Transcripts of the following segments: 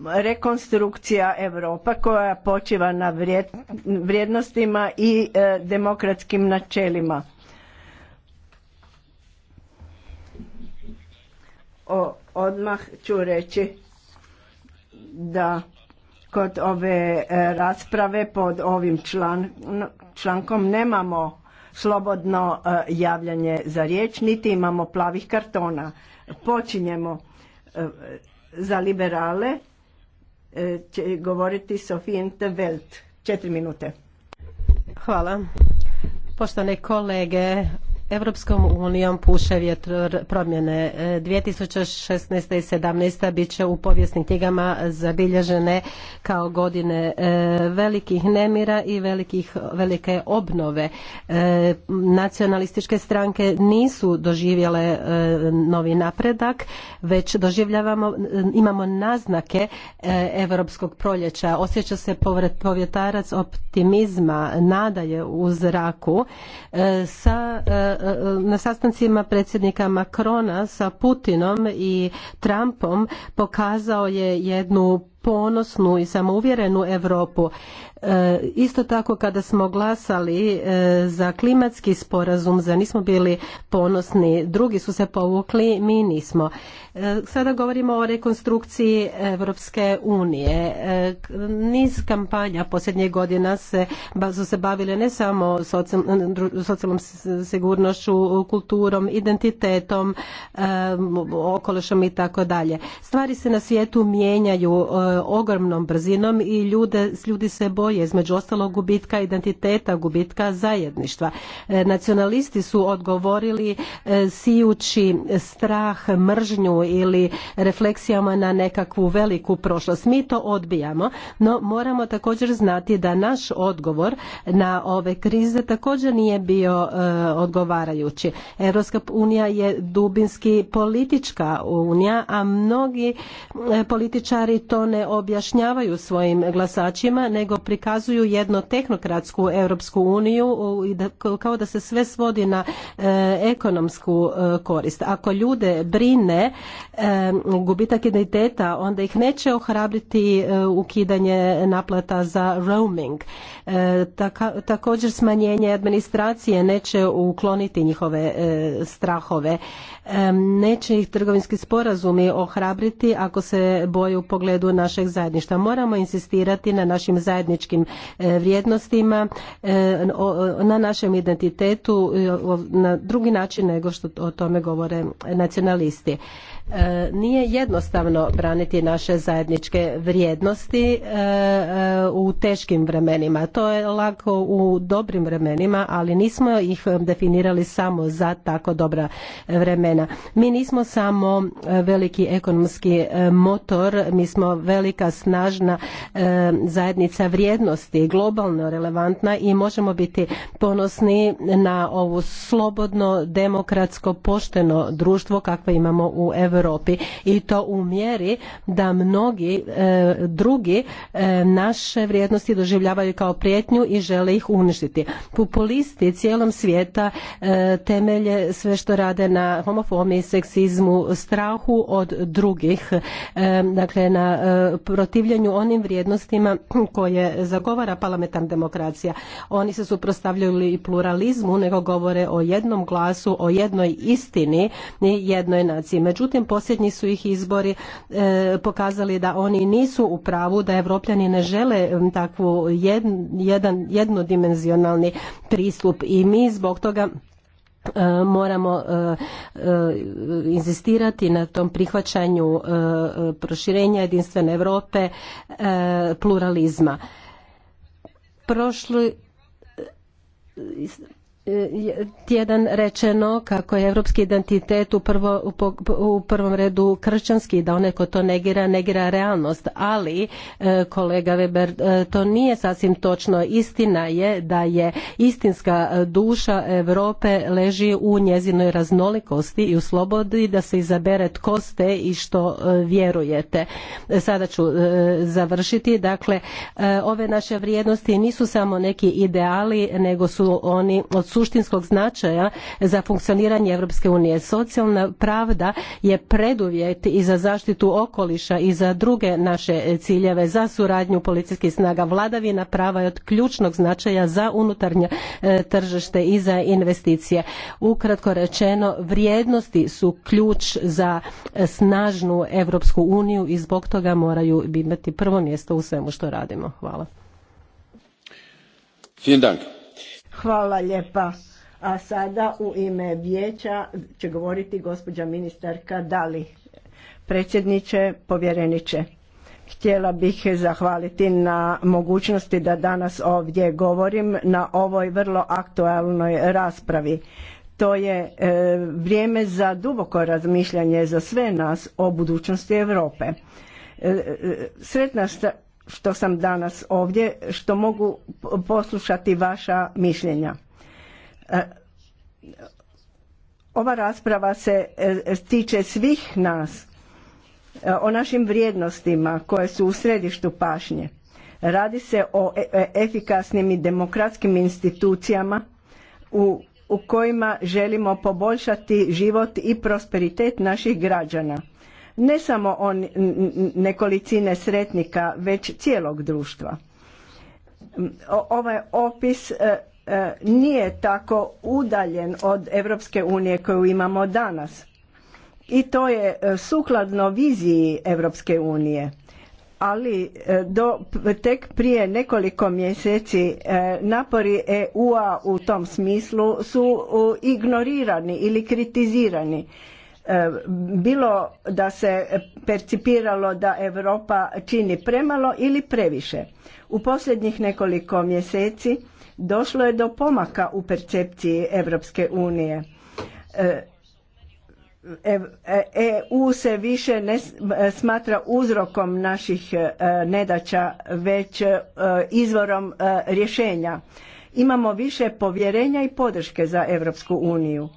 rekonstrukcija Europa koja počiva na vrijednostima i e, demokratskim načelima. O, odmah ću reći da kod ove e, rasprave pod ovim člankom nemamo slobodno e, javljanje za riječ, niti imamo plavih kartona. Počinjemo za liberale E, će govoriti Sofijen Welt. Četiri minute. Hvala. Poštovane kolege, Europskom unijom puše vjetro promjene. 2016. E, i 2017. bit će u povijesnim knjigama zabilježene kao godine e, velikih nemira i velikih, velike obnove. E, nacionalističke stranke nisu doživjele novi napredak, već doživljavamo, imamo naznake europskog proljeća. Osjeća se povjetarac optimizma, nadaje u zraku sa na sastancima predsjednika Macrona sa Putinom i Trumpom pokazao je jednu ponosnu i samouvjerenu Europu. E, isto tako kada smo glasali e, za klimatski sporazum, za nismo bili ponosni, drugi su se povukli, mi nismo. E, sada govorimo o rekonstrukciji Europske unije. Niz kampanja posljednjih godina se, su se bavile ne samo socijalnom sigurnošću, kulturom, identitetom, okolišom i tako dalje. Stvari se na svijetu mijenjaju ogromnom brzinom i ljudi se boje je između ostalog gubitka identiteta, gubitka zajedništva. E, nacionalisti su odgovorili e, sijući strah, mržnju ili refleksijama na nekakvu veliku prošlost. Mi to odbijamo, no moramo također znati da naš odgovor na ove krize također nije bio e, odgovarajući. Europska unija je dubinski politička unija, a mnogi političari to ne objašnjavaju svojim glasačima, nego prikazuju kazuju jedno tehnokratsku Europsku uniju kao da se sve svodi na e, ekonomsku e, korist. Ako ljude brine e, gubitak identiteta, onda ih neće ohrabriti ukidanje naplata za roaming. Također smanjenje administracije neće ukloniti njihove strahove. Neće ih trgovinski sporazumi ohrabriti ako se boju u pogledu našeg zajedništva. Moramo insistirati na našim zajedničkim E, vrijednostima, e, na našem identitetu e, na drugi način nego što o tome govore nacionalisti. E, nije jednostavno braniti naše zajedničke vrijednosti e, e, u teškim vremenima. To je lako u dobrim vremenima, ali nismo ih definirali samo za tako dobra vremena. Mi nismo samo veliki ekonomski motor, mi smo velika snažna zajednica vrijednosti, globalno relevantna i možemo biti ponosni na ovo slobodno, demokratsko, pošteno društvo kakve imamo u EU. Europi i to u mjeri da mnogi e, drugi e, naše vrijednosti doživljavaju kao prijetnju i žele ih uništiti. Populisti cijelom svijeta e, temelje sve što rade na homofomiji, seksizmu, strahu od drugih, dakle na protivljenju onim vrijednostima koje zagovara parlamentarna demokracija. Oni se suprotstavljaju i pluralizmu, nego govore o jednom glasu, o jednoj istini i jednoj naciji. Međutim, posljednji su ih izbori e, pokazali da oni nisu u pravu, da evropljani ne žele takvu jedan jednodimenzionalni pristup i mi zbog toga e, moramo e, inzistirati na tom prihvaćanju proširenja jedinstvene Europe pluralizma. Prošli E, tjedan rečeno kako je europski identitet u, prvom redu kršćanski da onaj ko to negira negira realnost ali e, kolega Weber e, to nije sasvim točno istina je da je istinska duša Europe leži u njezinoj raznolikosti i u slobodi da se izabere tko ste i što vjerujete sada ću završiti dakle ove naše vrijednosti nisu samo neki ideali nego su oni od suštinskog značaja za funkcioniranje Europske unije. Socijalna pravda je preduvjet i za zaštitu okoliša i za druge naše ciljeve, za suradnju policijskih snaga. Vladavina prava je od ključnog značaja za unutarnje e, tržište i za investicije. Ukratko rečeno, vrijednosti su ključ za e, snažnu Europsku uniju i zbog toga moraju imati prvo mjesto u svemu što radimo. Hvala. Hvala lijepa. A sada u ime vijeća će govoriti gospođa ministarka Dali. Predsjedniče, povjereniče, htjela bih zahvaliti na mogućnosti da danas ovdje govorim na ovoj vrlo aktualnoj raspravi. To je e, vrijeme za duboko razmišljanje za sve nas o budućnosti Europe. E, e, sretna sretna što sam danas ovdje, što mogu poslušati vaša mišljenja. E, ova rasprava se e, tiče svih nas e, o našim vrijednostima koje su u središtu pašnje. Radi se o efikasnim i demokratskim institucijama u, u kojima želimo poboljšati život i prosperitet naših građana ne samo on, nekolicine sretnika, već cijelog društva. Ovaj opis e, e, nije tako udaljen od Europske unije koju imamo danas. I to je e, sukladno viziji Europske unije. Ali do, tek prije nekoliko mjeseci napori EU-a u tom smislu su ignorirani ili kritizirani E, bilo da se percipiralo da Europa čini premalo ili previše. U posljednjih nekoliko mjeseci došlo je do pomaka u percepciji Europske unije. EU e, e se više ne smatra uzrokom naših nedaća, već izvorom rješenja imamo više povjerenja i podrške za Europsku uniju.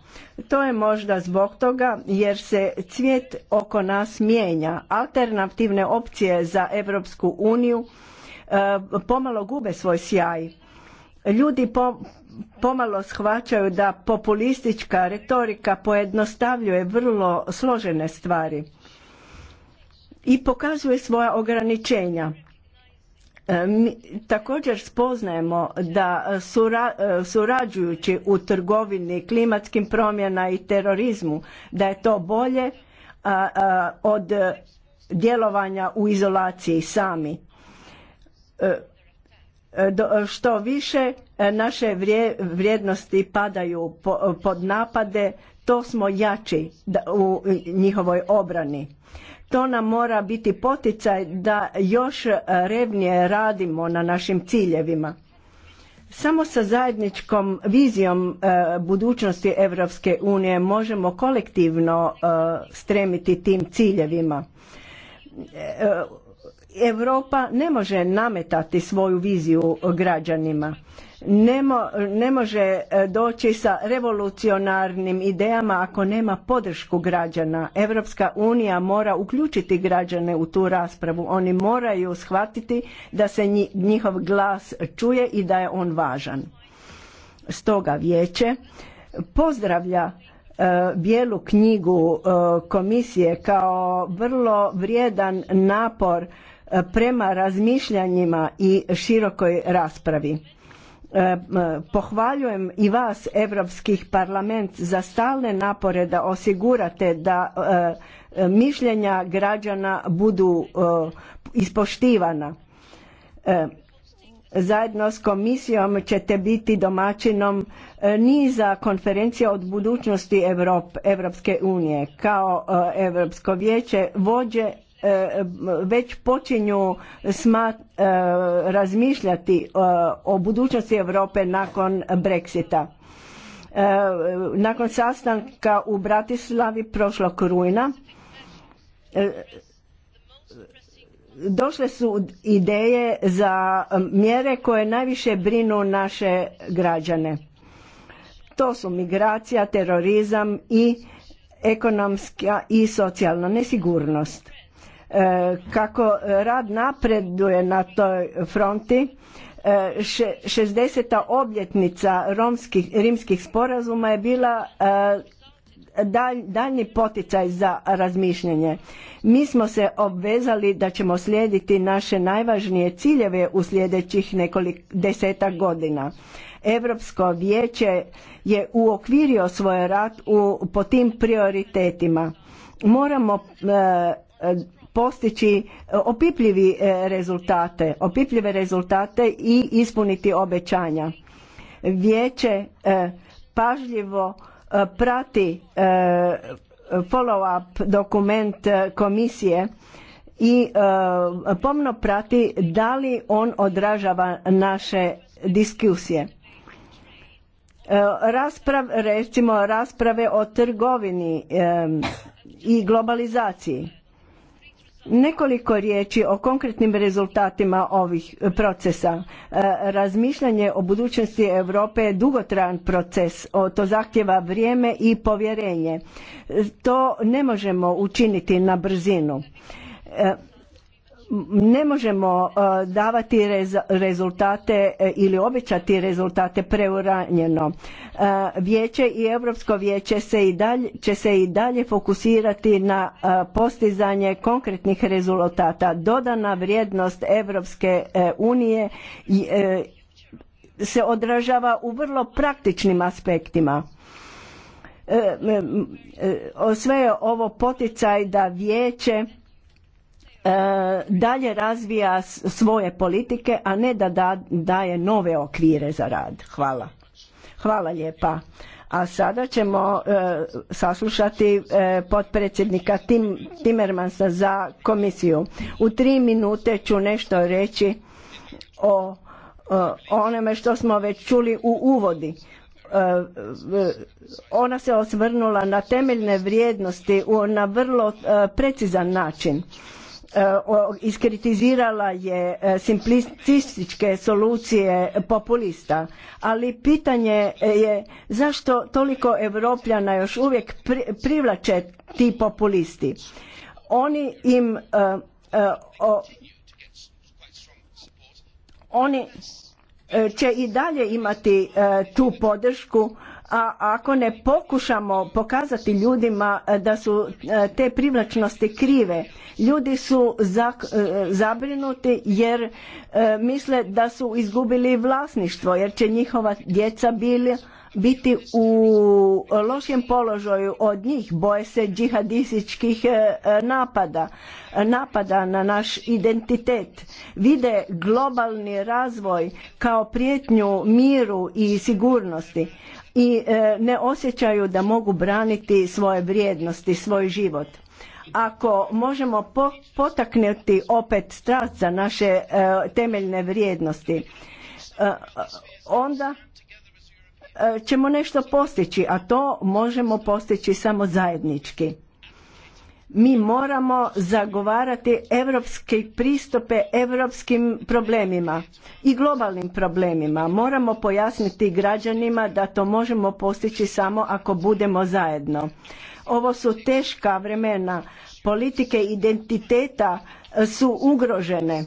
To je možda zbog toga jer se cvijet oko nas mijenja. Alternativne opcije za Europsku uniju e, pomalo gube svoj sjaj. Ljudi pomalo shvaćaju da populistička retorika pojednostavljuje vrlo složene stvari i pokazuje svoja ograničenja E, mi također spoznajemo da sura, e, surađujući u trgovini klimatskim promjena i terorizmu, da je to bolje od djelovanja u izolaciji sami. E, što više naše vrijednosti padaju pod napade, to smo jači u njihovoj obrani to nam mora biti poticaj da još e, revnije radimo na našim ciljevima. Samo sa zajedničkom vizijom e, budućnosti Europske unije možemo kolektivno e, stremiti tim ciljevima. Europa ne može nametati svoju viziju građanima. Ne, može e, doći sa revolucionarnim idejama ako nema podršku građana. Europska unija mora uključiti građane u tu raspravu. Oni moraju shvatiti da se njihov glas čuje i da je on važan. Stoga vijeće pozdravlja e, bijelu knjigu e, komisije kao vrlo vrijedan napor prema razmišljanjima i širokoj raspravi E, pohvaljujem i vas evropskih parlament za stalne napore da osigurate da e, mišljenja građana budu e, ispoštivana zajedno s komisijom ćete biti domaćinom niza konferencija od budućnosti Evrop, Evropske unije kao Europsko vijeće vođe E, već počinju smat, e, razmišljati e, o budućnosti Europe nakon Brexita. Nakon sastanka u Bratislavi prošlog rujna došle su ideje za mjere koje najviše brinu naše građane. To su migracija, terorizam i ekonomska i socijalna nesigurnost E, kako rad napreduje na toj fronti, 60. E, obljetnica romskih, rimskih sporazuma je bila e, dalj, daljni poticaj za razmišljanje. Mi smo se obvezali da ćemo slijediti naše najvažnije ciljeve u sljedećih nekoliko desetak godina. Europsko vijeće je uokvirio svoj rad u, po tim prioritetima. Moramo postići e, opipljivi e, rezultate, opipljive rezultate i ispuniti obećanja. Vijeće e, pažljivo prati follow-up dokument komisije i pomno prati da li on odražava naše diskusije. Rasprav, recimo rasprave o trgovini i globalizaciji Nekoliko riječi o konkretnim rezultatima ovih e, procesa. E, razmišljanje o budućnosti Europe je dugotrajan proces, to zahtjeva vrijeme i povjerenje. E, to ne možemo učiniti na brzinu ne možemo e, davati rezultate e, ili obećati rezultate preuranjeno. E, vijeće i Europsko vijeće će se i dalje fokusirati na postizanje konkretnih rezultata. Dodana vrijednost Europske unije se odražava u vrlo praktičnim aspektima. Sve je ovo poticaj da vijeće E, dalje razvija svoje politike, a ne da, daje nove okvire za rad. Hvala. Hvala lijepa. A sada ćemo e, saslušati e, potpredsjednika Timmermansa za komisiju. U tri minute ću nešto reći o, onome što smo već čuli u uvodi. ona se osvrnula na temeljne vrijednosti na vrlo precizan način E, iskritizirala je e, simplističke solucije populista, ali pitanje e, je zašto toliko Evropljana još uvijek privlače ti populisti. Oni im oni će i dalje imati tu podršku a ako ne pokušamo pokazati ljudima e, da su e, te privlačnosti krive, ljudi su e, zabrinuti jer misle da su izgubili vlasništvo jer će njihova djeca bili biti u lošem položaju od njih, boje se džihadističkih napada, napada na naš identitet. Vide globalni razvoj kao prijetnju miru i sigurnosti i e, ne osjećaju da mogu braniti svoje vrijednosti, svoj život. Ako možemo potaknuti opet strast za naše e, temeljne vrijednosti, e, onda ćemo nešto postići, a to možemo postići samo zajednički mi moramo zagovarati europske pristupe europskim problemima i globalnim problemima. Moramo pojasniti građanima da to možemo postići samo ako budemo zajedno. Ovo su teška vremena, politike identiteta su ugrožene.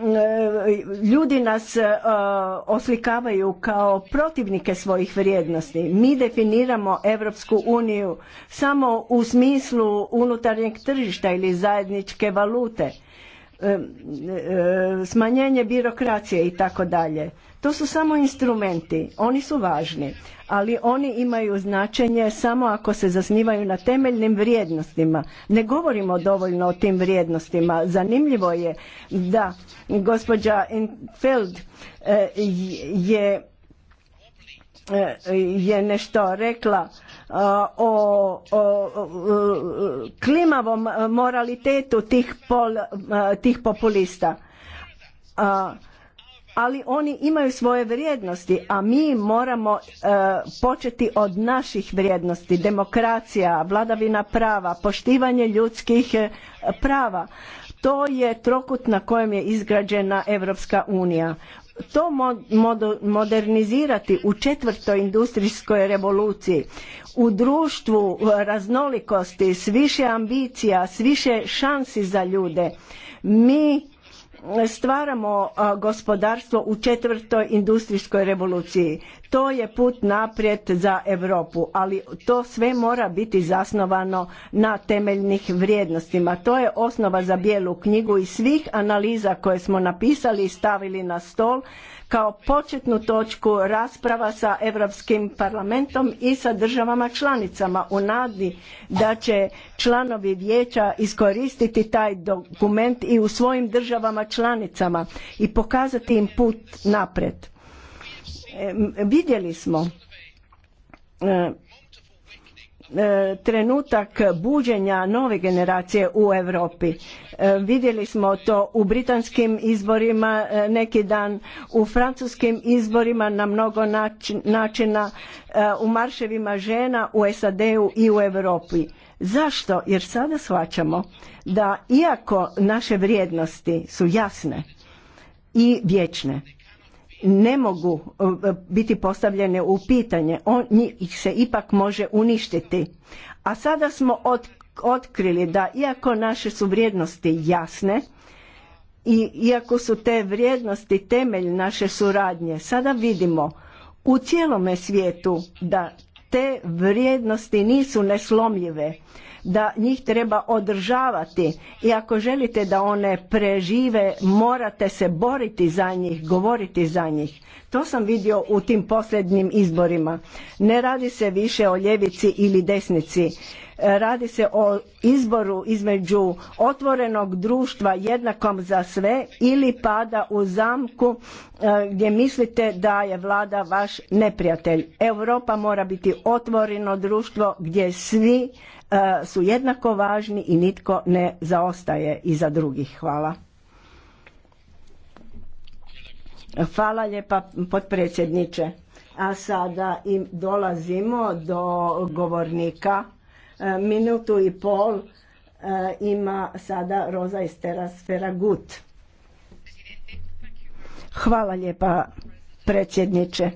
E, ljudi nas e, oslikavaju kao protivnike svojih vrijednosti. Mi definiramo Europsku uniju samo u smislu unutarnjeg tržišta ili zajedničke valute, e, smanjenje birokracije i tako dalje. To su samo instrumenti, oni su važni, ali oni imaju značenje samo ako se zasnivaju na temeljnim vrijednostima. Ne govorimo dovoljno o tim vrijednostima. Zanimljivo je da gospođa Infeld e, je e, je nešto rekla e, o, klimavom moralitetu tih, pol, tih populista. A, ali oni imaju svoje vrijednosti a mi moramo e, početi od naših vrijednosti demokracija vladavina prava poštivanje ljudskih e, prava to je trokut na kojem je izgrađena europska unija to modernizirati u četvrtoj industrijskoj revoluciji u društvu raznolikosti s više ambicija s više šansi za ljude mi stvaramo gospodarstvo u četvrtoj industrijskoj revoluciji. To je put naprijed za Europu, ali to sve mora biti zasnovano na temeljnih vrijednostima. To je osnova za bijelu knjigu i svih analiza koje smo napisali i stavili na stol kao početnu točku rasprava sa Europskim parlamentom i sa državama članicama u nadi da će članovi vijeća iskoristiti taj dokument i u svojim državama članicama i pokazati im put naprijed. vidjeli smo E, trenutak buđenja nove generacije u Europi. E, vidjeli smo to u britanskim izborima e, neki dan, u francuskim izborima na mnogo načina, u marševima žena u SAD-u i u Europi. Zašto? Jer sada shvaćamo da iako naše vrijednosti su jasne i vječne, ne mogu e, biti postavljene u pitanje, on ih se ipak može uništiti. A sada smo otkrili da iako naše su vrijednosti jasne i iako su te vrijednosti temelj naše suradnje, sada vidimo u cijelome svijetu da te vrijednosti nisu neslomljive da njih treba održavati i ako želite da one prežive morate se boriti za njih, govoriti za njih. To sam vidio u tim posljednjim izborima. Ne radi se više o ljevici ili desnici. Radi se o izboru između otvorenog društva jednakom za sve ili pada u zamku e, gdje mislite da je vlada vaš neprijatelj. Europa mora biti otvoreno društvo gdje svi e, su jednako važni i nitko ne zaostaje iza drugih. Hvala. Hvala lijepa potpredsjedniče. A sada im dolazimo do govornika Minutu i pol e, ima sada Roza Esteras GUT. Hvala lijepa predsjedniče.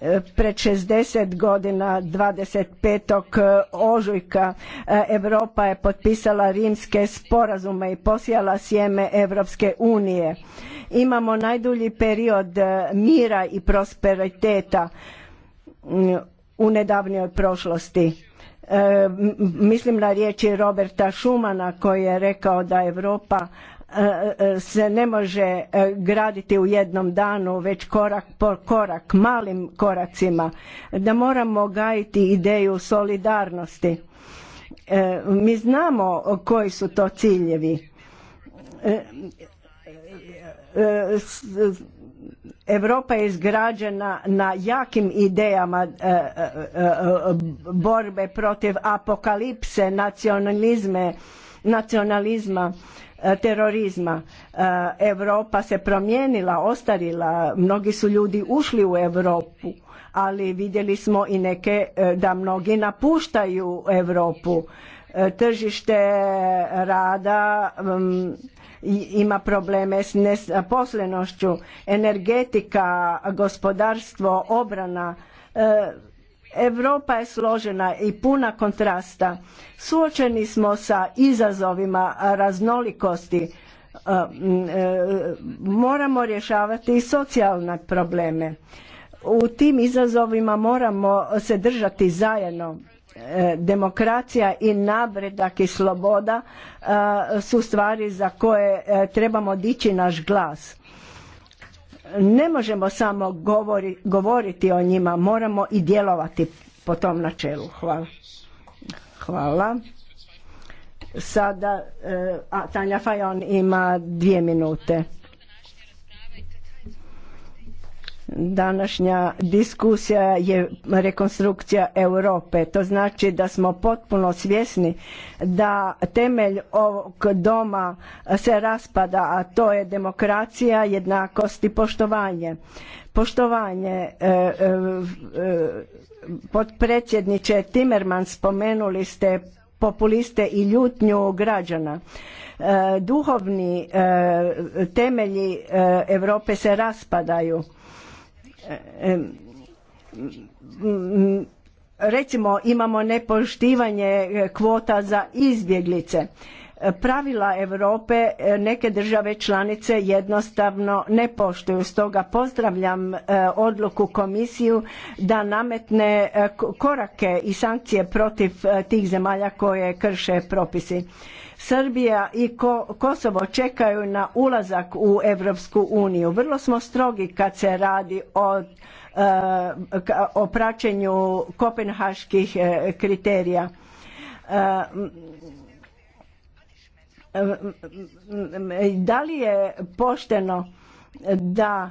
E, pred 60 godina 25. E, ožujka Europa je potpisala rimske sporazume i posijala sjeme Evropske unije. Imamo najdulji period mira i prosperiteta u nedavnjoj prošlosti E, mislim na riječi Roberta Schumana koji je rekao da Europa e, e, se ne može graditi u jednom danu već korak po korak malim koracima da moramo gajiti ideju solidarnosti mi znamo koji su to ciljevi Europa je izgrađena na jakim idejama e, e, e, borbe protiv apokalipse, nacionalizme, nacionalizma, terorizma. Europa se promijenila, ostarila, mnogi su ljudi ušli u Europu, ali vidjeli smo i neke da mnogi napuštaju Europu. Tržište rada, ima probleme s nezaposlenošću, energetika, gospodarstvo, obrana. Europa je složena i puna kontrasta. Suočeni smo sa izazovima raznolikosti. E, e, moramo rješavati i socijalne probleme. U tim izazovima moramo se držati zajedno Eh, demokracija i napredak i sloboda eh, su stvari za koje eh, trebamo dići naš glas ne možemo samo govoriti o njima moramo i djelovati po tom načelu hvala hvala sada a Tanja Fajon ima dvije minute Današnja diskusija je rekonstrukcija Europe. To znači da smo potpuno svjesni da temelj ovog doma se raspada, a to je demokracija, jednakost i poštovanje. Poštovanje, e, e, e Timerman, spomenuli ste populiste i ljutnju građana. E, duhovni e, temelji Europe se raspadaju recimo imamo nepoštivanje kvota za izbjeglice pravila Europe e, neke države članice jednostavno ne poštuju. Stoga pozdravljam e, odluku komisiju da nametne e, korake i sankcije protiv tih zemalja koje krše propisi. Srbija i Kosovo čekaju na ulazak u Europsku uniju. Vrlo smo strogi kad se radi o, o praćenju kopenhaških kriterija da li je pošteno da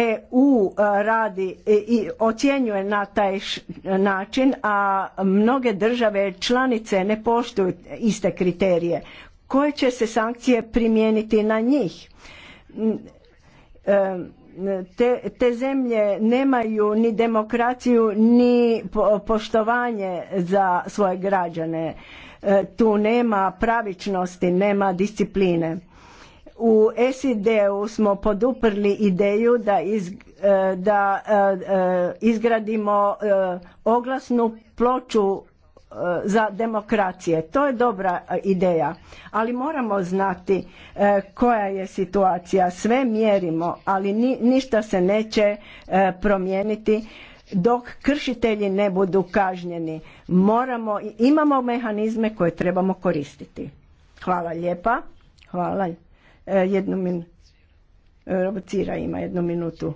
EU radi i ocjenjuje na taj način, a mnoge države članice ne poštuju iste kriterije. Koje će se sankcije primijeniti na njih? E, te, te zemlje nemaju ni demokraciju ni poštovanje za svoje građane E, tu nema pravičnosti, nema discipline. U SID-u smo poduprli ideju da, iz, e, da e, izgradimo oglasnu ploču za demokracije. To je dobra ideja, ali moramo znati koja je situacija. Sve mjerimo, ali ništa se neće promijeniti dok kršitelji ne budu kažnjeni. Moramo, imamo mehanizme koje trebamo koristiti. Hvala lijepa. Hvala. E, jednu min... Robocira ima jednu minutu.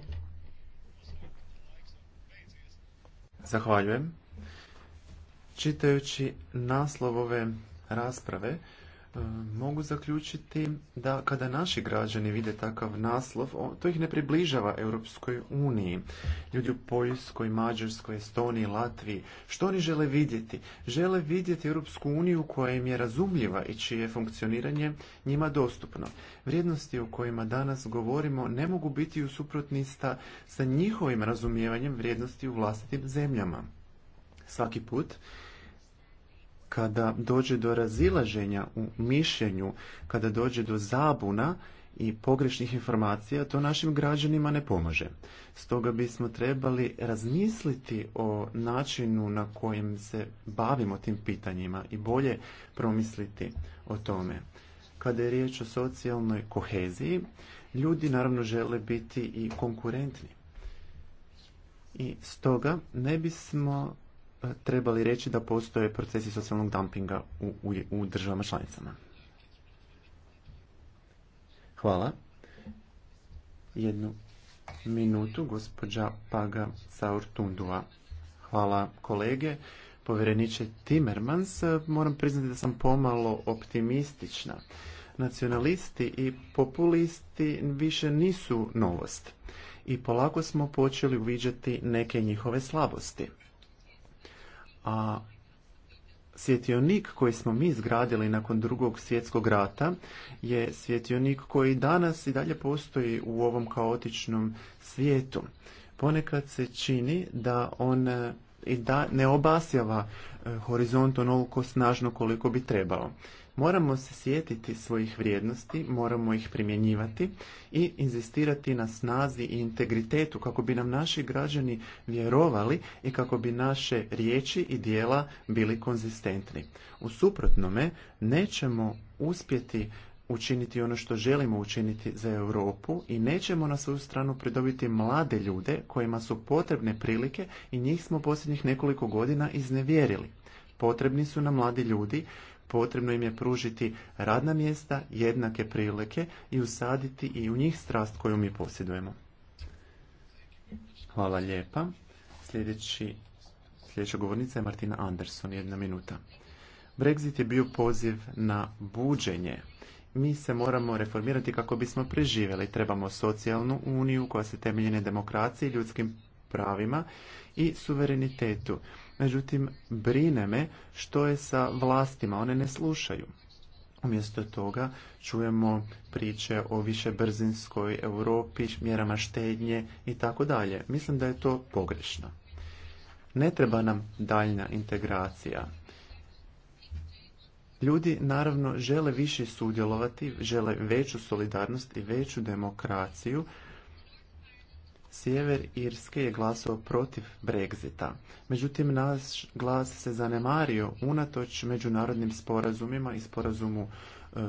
Zahvaljujem. Čitajući naslov ove rasprave, E, mogu zaključiti da kada naši građani vide takav naslov, to ih ne približava Europskoj uniji. Ljudi u Poljskoj, Mađarskoj, Estoniji, Latviji, što oni žele vidjeti? Žele vidjeti Europsku uniju koja im je razumljiva i čije funkcioniranje njima dostupno. Vrijednosti o kojima danas govorimo ne mogu biti u suprotnista sa njihovim razumijevanjem vrijednosti u vlastitim zemljama. Svaki put kada dođe do razilaženja u mišljenju, kada dođe do zabuna i pogrešnih informacija, to našim građanima ne pomaže. Stoga bismo trebali razmisliti o načinu na kojem se bavimo tim pitanjima i bolje promisliti o tome. Kada je riječ o socijalnoj koheziji, ljudi naravno žele biti i konkurentni. I stoga ne bismo trebali reći da postoje procesi socijalnog dumpinga u, u, državama članicama. Hvala. Jednu minutu, gospođa Paga Saurtundua. Hvala kolege. Povjereniče Timmermans, moram priznati da sam pomalo optimistična. Nacionalisti i populisti više nisu novost i polako smo počeli uviđati neke njihove slabosti a svjetionik koji smo mi izgradili nakon drugog svjetskog rata je svjetionik koji danas i dalje postoji u ovom kaotičnom svijetu. Ponekad se čini da on e, i da ne obasjava e, horizont onoliko snažno koliko bi trebalo. Moramo se sjetiti svojih vrijednosti, moramo ih primjenjivati i inzistirati na snazi i integritetu kako bi nam naši građani vjerovali i kako bi naše riječi i dijela bili konzistentni. U suprotnome nećemo uspjeti učiniti ono što želimo učiniti za Europu i nećemo na svoju stranu pridobiti mlade ljude kojima su potrebne prilike i njih smo posljednjih nekoliko godina iznevjerili. Potrebni su nam mladi ljudi potrebno im je pružiti radna mjesta, jednake prilike i usaditi i u njih strast koju mi posjedujemo. Hvala lijepa. Sljedeći, sljedeća govornica je Martina Anderson, jedna minuta. Brexit je bio poziv na buđenje. Mi se moramo reformirati kako bismo preživjeli. Trebamo socijalnu uniju koja se temelji na demokraciji, ljudskim pravima i suverenitetu. Međutim, brine me što je sa vlastima, one ne slušaju. Umjesto toga čujemo priče o brzinskoj Europi, mjerama štednje i tako dalje. Mislim da je to pogrešno. Ne treba nam daljna integracija. Ljudi naravno žele više sudjelovati, žele veću solidarnost i veću demokraciju, Sjever Irske je glasao protiv Brexita. Međutim, naš glas se zanemario unatoč međunarodnim sporazumima i sporazumu e,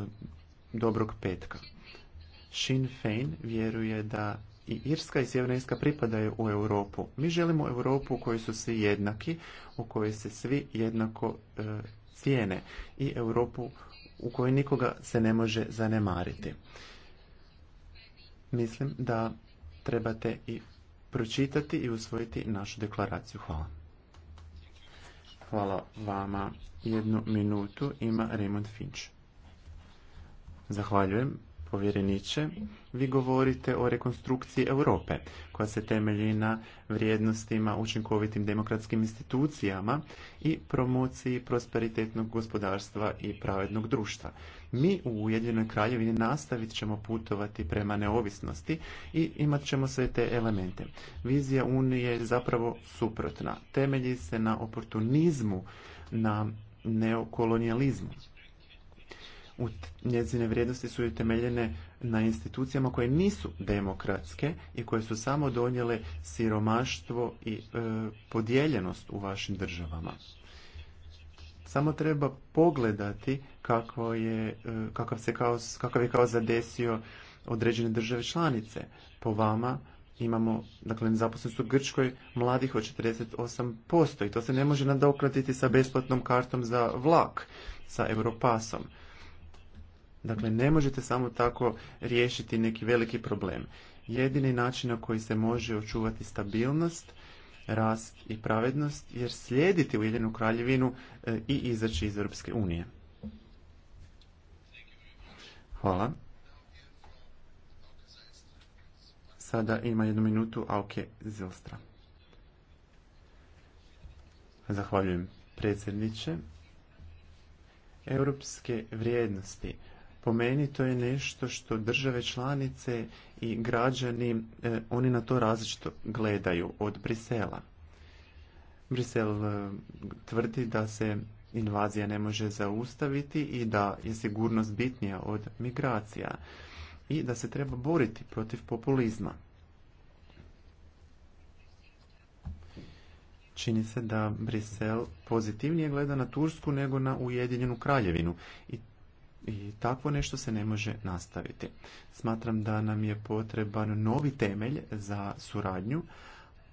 Dobrog petka. Sinn Fein vjeruje da i Irska i Sjeverna Irska pripadaju u Europu. Mi želimo Europu u kojoj su svi jednaki, u kojoj se svi jednako e, cijene i Europu u kojoj nikoga se ne može zanemariti. Mislim da trebate i pročitati i usvojiti našu deklaraciju. Hvala. Hvala vama. Jednu minutu ima Raymond Finch. Zahvaljujem povjereniče, vi govorite o rekonstrukciji Europe koja se temelji na vrijednostima, učinkovitim demokratskim institucijama i promociji prosperitetnog gospodarstva i pravednog društva. Mi u Ujedinjenoj kraljevini nastavit ćemo putovati prema neovisnosti i imat ćemo sve te elemente. Vizija Unije je zapravo suprotna. Temelji se na oportunizmu, na neokolonijalizmu njezine vrijednosti su utemeljene na institucijama koje nisu demokratske i koje su samo donijele siromaštvo i e, podijeljenost u vašim državama. Samo treba pogledati kako je, e, kakav, se kaos, kakav je kao zadesio određene države članice. Po vama imamo, dakle, nezaposlenost u Grčkoj mladih od 48% i to se ne može nadokratiti sa besplatnom kartom za vlak, sa Europasom. Dakle, ne možete samo tako riješiti neki veliki problem. Jedini način na koji se može očuvati stabilnost, rast i pravednost jer slijediti Ujedinu kraljevinu e, i izaći iz Europske unije. Hvala. Sada ima jednu minutu Auke Zilstra. Zahvaljujem predsjedniče. Europske vrijednosti po meni to je nešto što države članice i građani, e, oni na to različito gledaju od Brisela. Brisel e, tvrdi da se invazija ne može zaustaviti i da je sigurnost bitnija od migracija i da se treba boriti protiv populizma. Čini se da Brisel pozitivnije gleda na Tursku nego na Ujedinjenu kraljevinu i i takvo nešto se ne može nastaviti. Smatram da nam je potreban novi temelj za suradnju,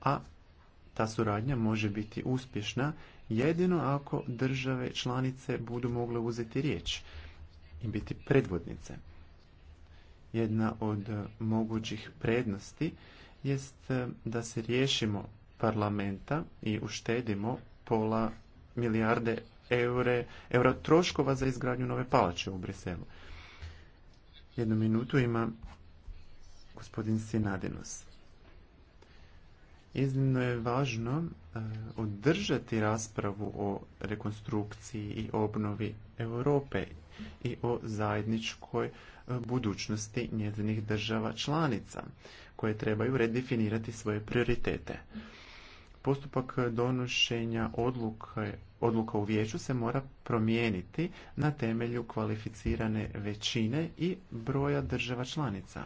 a ta suradnja može biti uspješna jedino ako države članice budu mogle uzeti riječ i biti predvodnice. Jedna od mogućih prednosti jest eh, da se riješimo parlamenta i uštedimo pola milijarde eure, euro troškova za izgradnju nove palače u Briselu. Jednu minutu ima gospodin Sinadinos. Iznimno je važno e, održati raspravu o rekonstrukciji i obnovi Europe i o zajedničkoj e, budućnosti njezinih država članica koje trebaju redefinirati svoje prioritete postupak donošenja odluke, odluka u vijeću se mora promijeniti na temelju kvalificirane većine i broja država članica.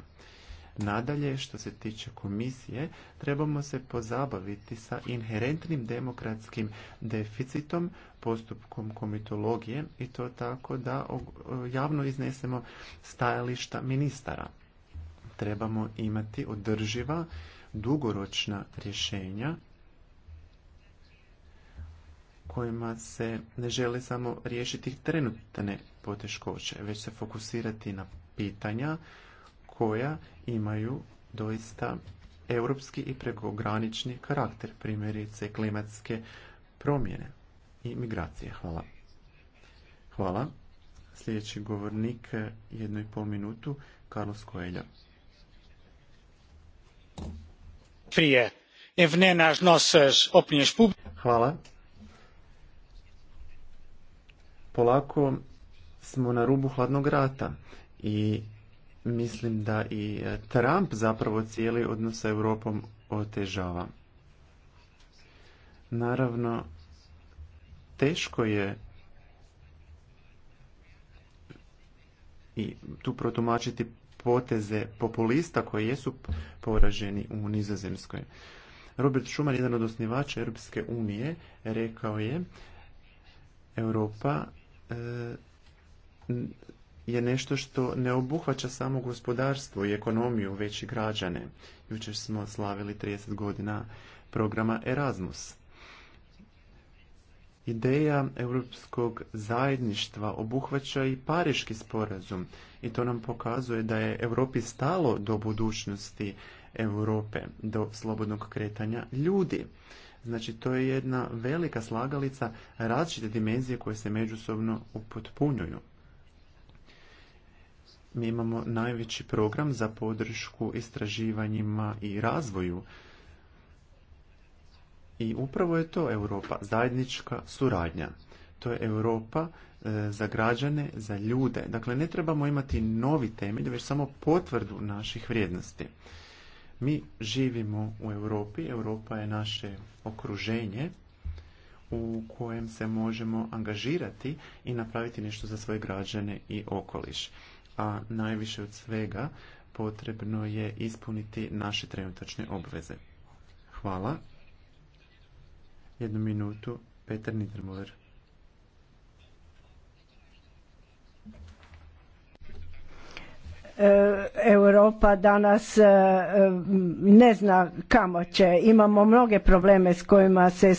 Nadalje, što se tiče komisije, trebamo se pozabaviti sa inherentnim demokratskim deficitom, postupkom komitologije i to tako da javno iznesemo stajališta ministara. Trebamo imati održiva, dugoročna rješenja kojima se ne želi samo riješiti trenutne poteškoće, već se fokusirati na pitanja koja imaju doista europski i prekogranični karakter, primjerice klimatske promjene i migracije. Hvala. Hvala. Sljedeći govornik, jednu i pol minutu, Carlos Coelho. Prije, Hvala polako smo na rubu hladnog rata i mislim da i e, Trump zapravo cijeli odnos sa Europom otežava. Naravno, teško je i tu protumačiti poteze populista koji jesu poraženi u Nizozemskoj. Robert Schuman, jedan od osnivača Europske unije, rekao je Europa E, je nešto što ne obuhvaća samo gospodarstvo i ekonomiju, već i građane. Jučer smo slavili 30 godina programa Erasmus. Ideja europskog zajedništva obuhvaća i pariški sporazum i to nam pokazuje da je Europi stalo do budućnosti Europe, do slobodnog kretanja ljudi. Znači, to je jedna velika slagalica različite dimenzije koje se međusobno upotpunjuju. Mi imamo najveći program za podršku istraživanjima i razvoju. I upravo je to Europa, zajednička suradnja. To je Europa e, za građane, za ljude. Dakle, ne trebamo imati novi temelj, već samo potvrdu naših vrijednosti. Mi živimo u Europi, Europa je naše okruženje u kojem se možemo angažirati i napraviti nešto za svoje građane i okoliš. A najviše od svega potrebno je ispuniti naše trenutačne obveze. Hvala. Jednu minutu, Petar Nidermuller. E, Europa danas e, e, ne zna kamo će. Imamo mnoge probleme s kojima se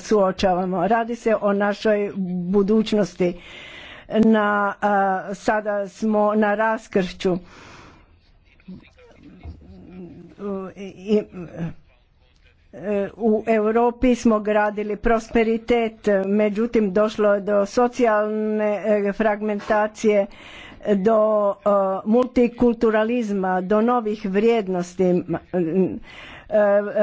suočavamo. Radi se o našoj budućnosti. Na, sada smo na raskršću. u Europi smo gradili prosperitet, međutim došlo je do socijalne fragmentacije, do e, multikulturalizma, do novih vrijednosti. E,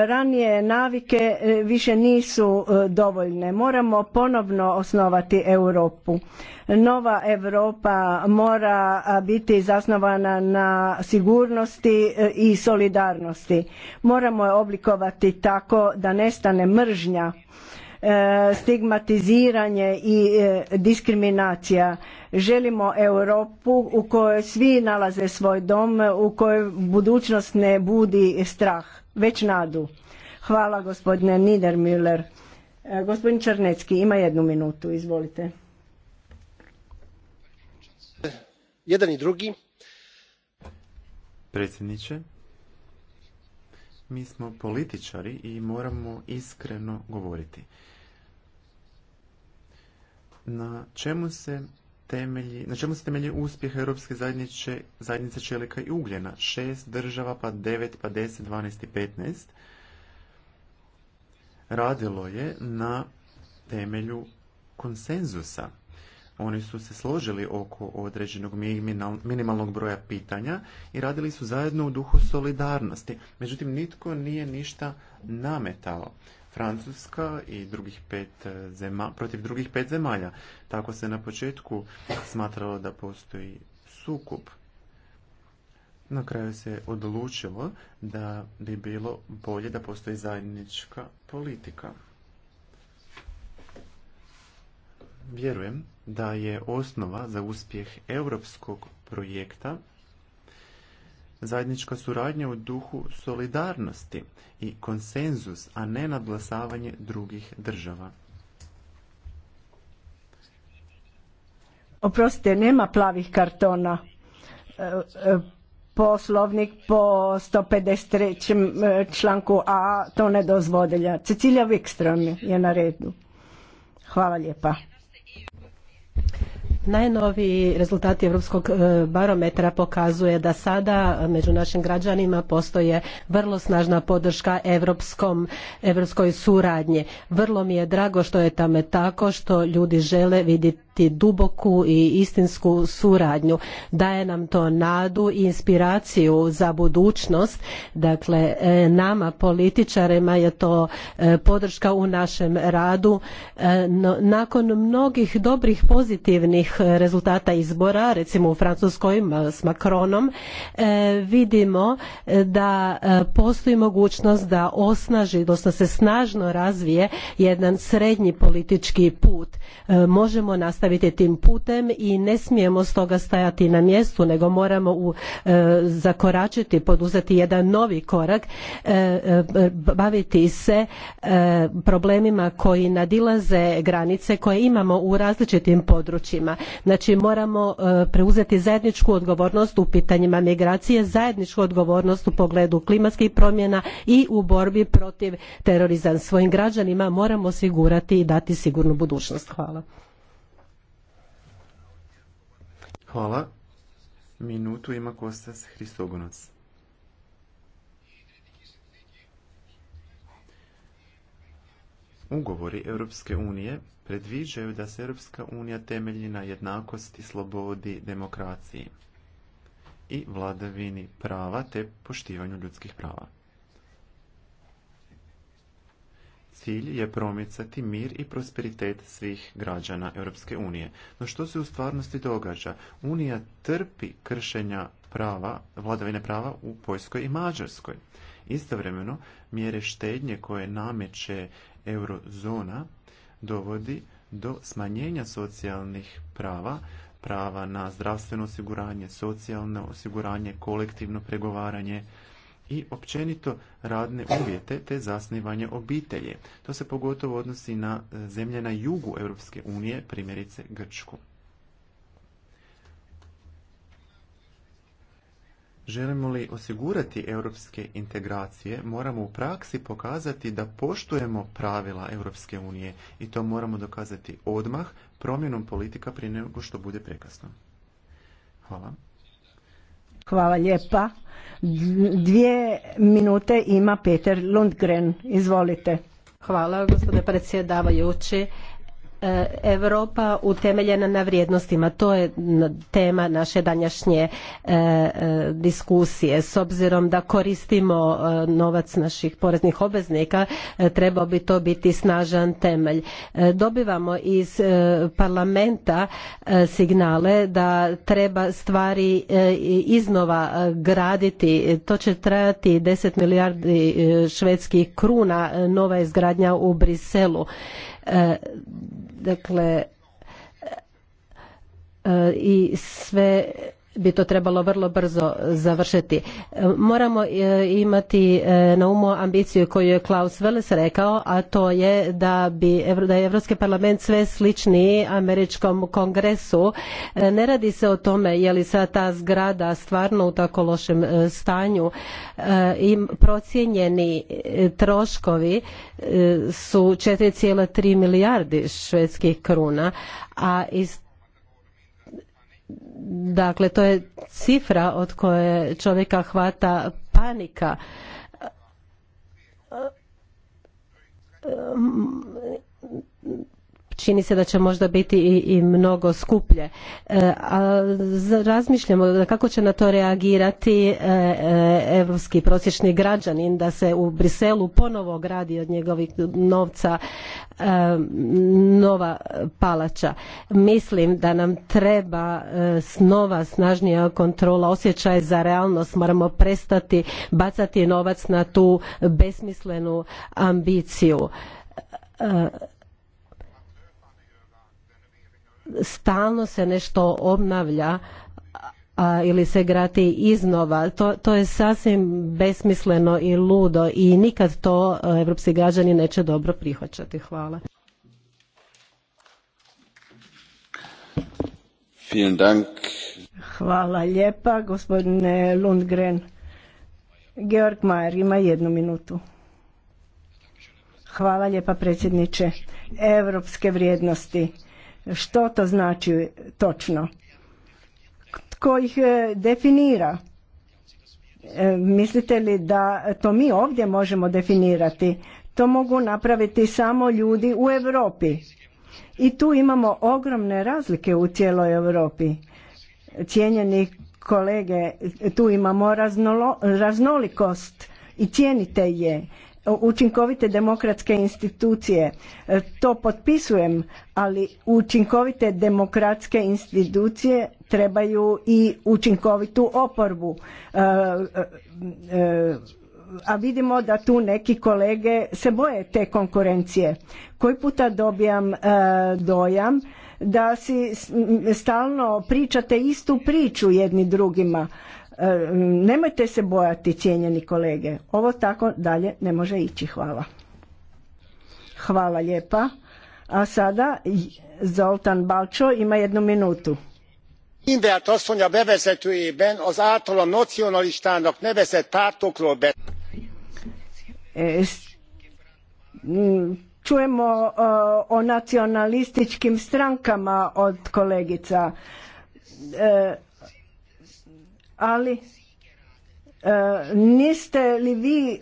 ranije navike e, više nisu dovoljne. Moramo ponovno osnovati Europu. Nova Europa mora biti zasnovana na sigurnosti i solidarnosti. Moramo je oblikovati tako da nestane mržnja E, stigmatiziranje i e, diskriminacija. Želimo Europu u kojoj svi nalaze svoj dom, u kojoj budućnost ne budi strah, već nadu. Hvala gospodine Niedermüller. E, gospodin Črnecki ima jednu minutu, izvolite. Jedan i drugi. Predsjedniče, mi smo političari i moramo iskreno govoriti. Na čemu se temelji, na čemu se temelji uspjeh Europske zajednice, zajednice čelika i ugljena? Šest država, pa devet, pa deset, dvanaest i petnaest. Radilo je na temelju konsenzusa. Oni su se složili oko određenog minimalnog broja pitanja i radili su zajedno u duhu solidarnosti. Međutim, nitko nije ništa nametao. Francuska i drugih pet eh, zema, protiv drugih pet zemalja. Tako se na početku smatralo da postoji sukup. Na kraju se odlučilo da bi bilo bolje da postoji zajednička politika. Vjerujem da je osnova za uspjeh europskog projekta zajednička suradnja u duhu solidarnosti i konsenzus, a ne nadglasavanje drugih država. Oprostite, nema plavih kartona. E, e, poslovnik po 153. E, članku A to ne dozvodilja. Cecilija Wikström je na redu. Hvala lijepa. Najnoviji rezultati Europskog e, barometra pokazuje da sada među našim građanima postoje vrlo snažna podrška europskom, europskoj suradnji. Vrlo mi je drago što je tome tako, što ljudi žele vidjeti duboku i istinsku suradnju. Daje nam to nadu i inspiraciju za budućnost. Dakle, e, nama političarima je to e, podrška u našem radu. E, nakon mnogih dobrih pozitivnih rezultata izbora, recimo u Francuskoj s Macronom, vidimo da postoji mogućnost da osnaži, dosta se snažno razvije jedan srednji politički put. Možemo nastaviti nastaviti tim putem i ne smijemo stoga stajati na mjestu nego moramo e, zakoračiti, poduzeti jedan novi korak, e, e, baviti se problemima koji nadilaze granice koje imamo u različitim područjima. Znači moramo preuzeti zajedničku odgovornost u pitanjima migracije, zajedničku odgovornost u pogledu klimatskih promjena i u borbi protiv terorizma. Svojim građanima moramo osigurati i dati sigurnu budućnost. Hvala. Hvala. Minutu ima Kostas Hristogonac. Ugovori Europske unije predviđaju da se Europska unija temelji na jednakosti, slobodi, demokraciji i vladavini prava te poštivanju ljudskih prava. Cilj je promicati mir i prosperitet svih građana Europske unije. No što se u stvarnosti događa? Unija trpi kršenja prava, vladavine prava u Poljskoj i Mađarskoj. Istovremeno, mjere štednje koje nameće eurozona dovodi do smanjenja socijalnih prava, prava na zdravstveno osiguranje, socijalno osiguranje, kolektivno pregovaranje, i općenito radne uvjete te zasnivanje obitelje. To se pogotovo odnosi na e, zemlje na jugu Europske unije, primjerice Grčku. Želimo li osigurati europske integracije, moramo u praksi pokazati da poštujemo pravila Europske unije i to moramo dokazati odmah promjenom politika prije nego što bude prekasno. Hvala. Hvala lijepa. Dvije minute ima Peter Lundgren. Izvolite. Hvala gospodine predsjedavajući. Europa utemeljena na vrijednostima. To je tema naše danjašnje e, e, diskusije. S obzirom da koristimo e, novac naših poreznih obveznika, trebao bi to biti snažan temelj. Dobivamo iz parlamenta signale da treba stvari iznova graditi. To će trajati 10 milijardi švedskih kruna nova izgradnja u Briselu. Dakle, e, i sve bi to trebalo vrlo brzo završiti. E, moramo e, imati e, na umu ambiciju koju je Klaus Welles rekao, a to je da bi da je Europski parlament sve sličniji američkom kongresu. Ne radi se o tome je li sad ta zgrada stvarno u tako lošem stanju i procijenjeni troškovi su 4,3 milijardi švedskih kruna, a iz Dakle, to je cifra od koje čovjeka hvata panika čini se da će možda biti i, mnogo skuplje. E, a razmišljamo kako će na to reagirati europski e, prosječni građanin da se u Briselu ponovo gradi od njegovih novca e, nova palača. Mislim da nam treba nova snažnija kontrola, osjećaj za realnost, moramo prestati bacati novac na tu besmislenu ambiciju stalno se nešto obnavlja a, ili se grati iznova. To, to je sasvim besmisleno i ludo i nikad to e, evropski građani neće dobro prihvaćati. Hvala. Hvala lijepa, gospodine Lundgren. Georg Majer ima jednu minutu. Hvala lijepa predsjedniče. Europske vrijednosti što to znači točno? Tko ih e, definira? E, mislite li da to mi ovdje možemo definirati? To mogu napraviti samo ljudi u Europi. I tu imamo ogromne razlike u cijeloj Europi. Cijenjeni kolege, tu imamo raznolikost i cijenite je učinkovite demokratske institucije. E, to potpisujem, ali učinkovite demokratske institucije trebaju i učinkovitu oporbu. E, e, a vidimo da tu neki kolege se boje te konkurencije. Koji puta dobijam dojam da si stalno pričate istu priču jedni drugima E, nemojte se bojati, cijenjeni kolege. Ovo tako dalje ne može ići. Hvala. Hvala lijepa. A sada Zoltan Balčo ima jednu minutu. E, čujemo e, o nacionalističkim strankama od kolegica ali e, niste li vi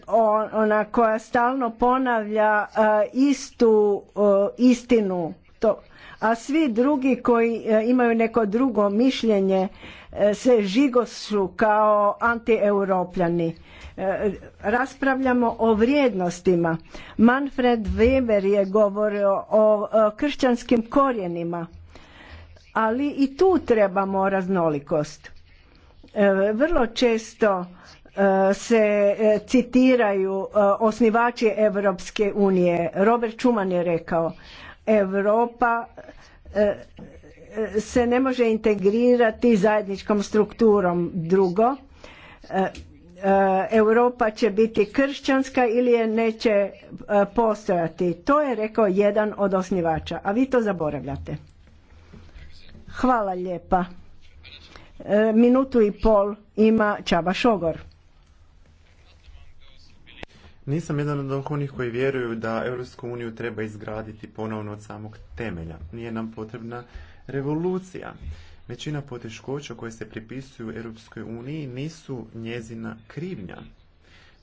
ona koja stalno ponavlja e, istu e, istinu to a svi drugi koji imaju neko drugo mišljenje se žigosu kao antieuropljani. Raspravljamo o vrijednostima. Manfred Weber je govorio o kršćanskim korijenima, ali i tu trebamo raznolikost. E, vrlo često e, se e, citiraju osnivači Europske unije. Robert Schuman je rekao Europa se ne može integrirati zajedničkom strukturom. Drugo, Europa će biti kršćanska ili je neće postojati. To je rekao jedan od osnivača, a vi to zaboravljate. Hvala lijepa. E, minutu i pol ima Čaba Šogor. Nisam jedan od onih koji vjeruju da Europsku uniju treba izgraditi ponovno od samog temelja. Nije nam potrebna revolucija. Većina poteškoća koje se pripisuju Europskoj uniji nisu njezina krivnja.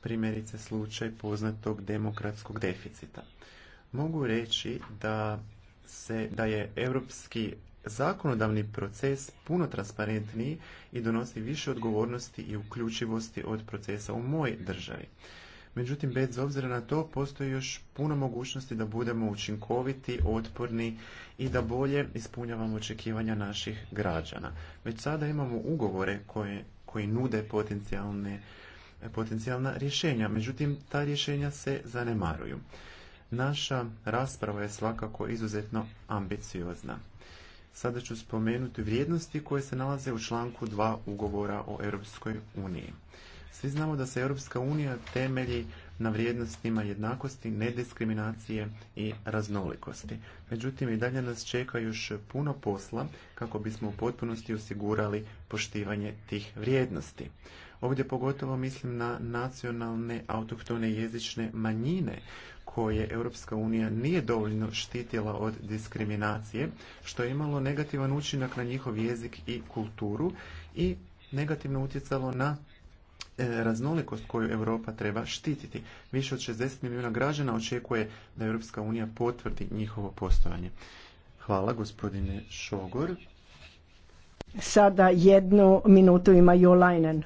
Primjerice slučaj poznatog demokratskog deficita. Mogu reći da se da je europski zakonodavni proces puno transparentniji i donosi više odgovornosti i uključivosti od procesa u moj državi. Međutim, bez obzira na to, postoji još puno mogućnosti da budemo učinkoviti, otporni i da bolje ispunjavamo očekivanja naših građana. Već sada imamo ugovore koje, koji nude potencijalne, potencijalna rješenja, međutim, ta rješenja se zanemaruju. Naša rasprava je svakako izuzetno ambiciozna. Sada ću spomenuti vrijednosti koje se nalaze u članku 2 ugovora o Europskoj uniji. Svi znamo da se Europska unija temelji na vrijednostima jednakosti, nediskriminacije i raznolikosti. Međutim, i dalje nas čeka još puno posla kako bismo u potpunosti osigurali poštivanje tih vrijednosti. Ovdje pogotovo mislim na nacionalne autohtone jezične manjine koje Europska unija nije dovoljno štitila od diskriminacije, što je imalo negativan učinak na njihov jezik i kulturu i negativno utjecalo na e, raznolikost koju Europa treba štititi. Više od 60 milijuna građana očekuje da Europska unija potvrdi njihovo postojanje. Hvala gospodine Šogor. Sada jednu minutu ima Jolajnen.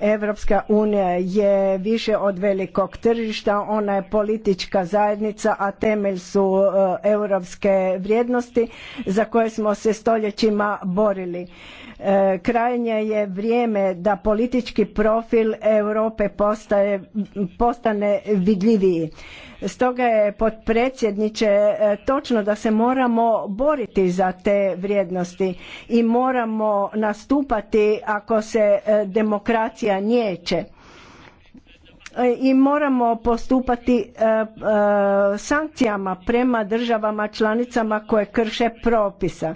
Europska unija je više od velikog tržišta, ona je politička zajednica, a temelj su e, europske vrijednosti za koje smo se stoljećima borili. E, krajnje je vrijeme da politički profil Europe postane vidljiviji Stoga je potpredsjedniče e, točno da se moramo boriti za te vrijednosti i moramo nastupati ako se e, demokracija nijeće. E, i moramo postupati sankcijama prema državama članicama koje krše propisa.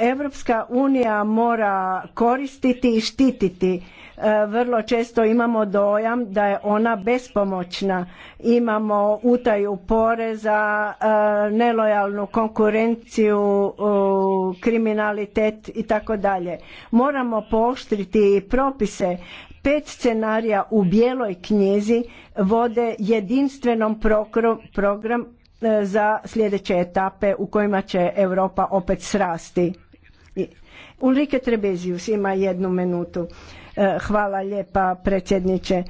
Europska unija mora koristiti i štititi E, vrlo često imamo dojam da je ona bespomoćna. Imamo utaju poreza, e, nelojalnu konkurenciju, kriminalitet i tako dalje. Moramo pooštriti propise. Pet scenarija u bijeloj knjizi vode jedinstvenom program e, za sljedeće etape u kojima će Europa opet srasti Ulrike Trebezius ima jednu minutu. E, hvala lijepa predsjedniče. E,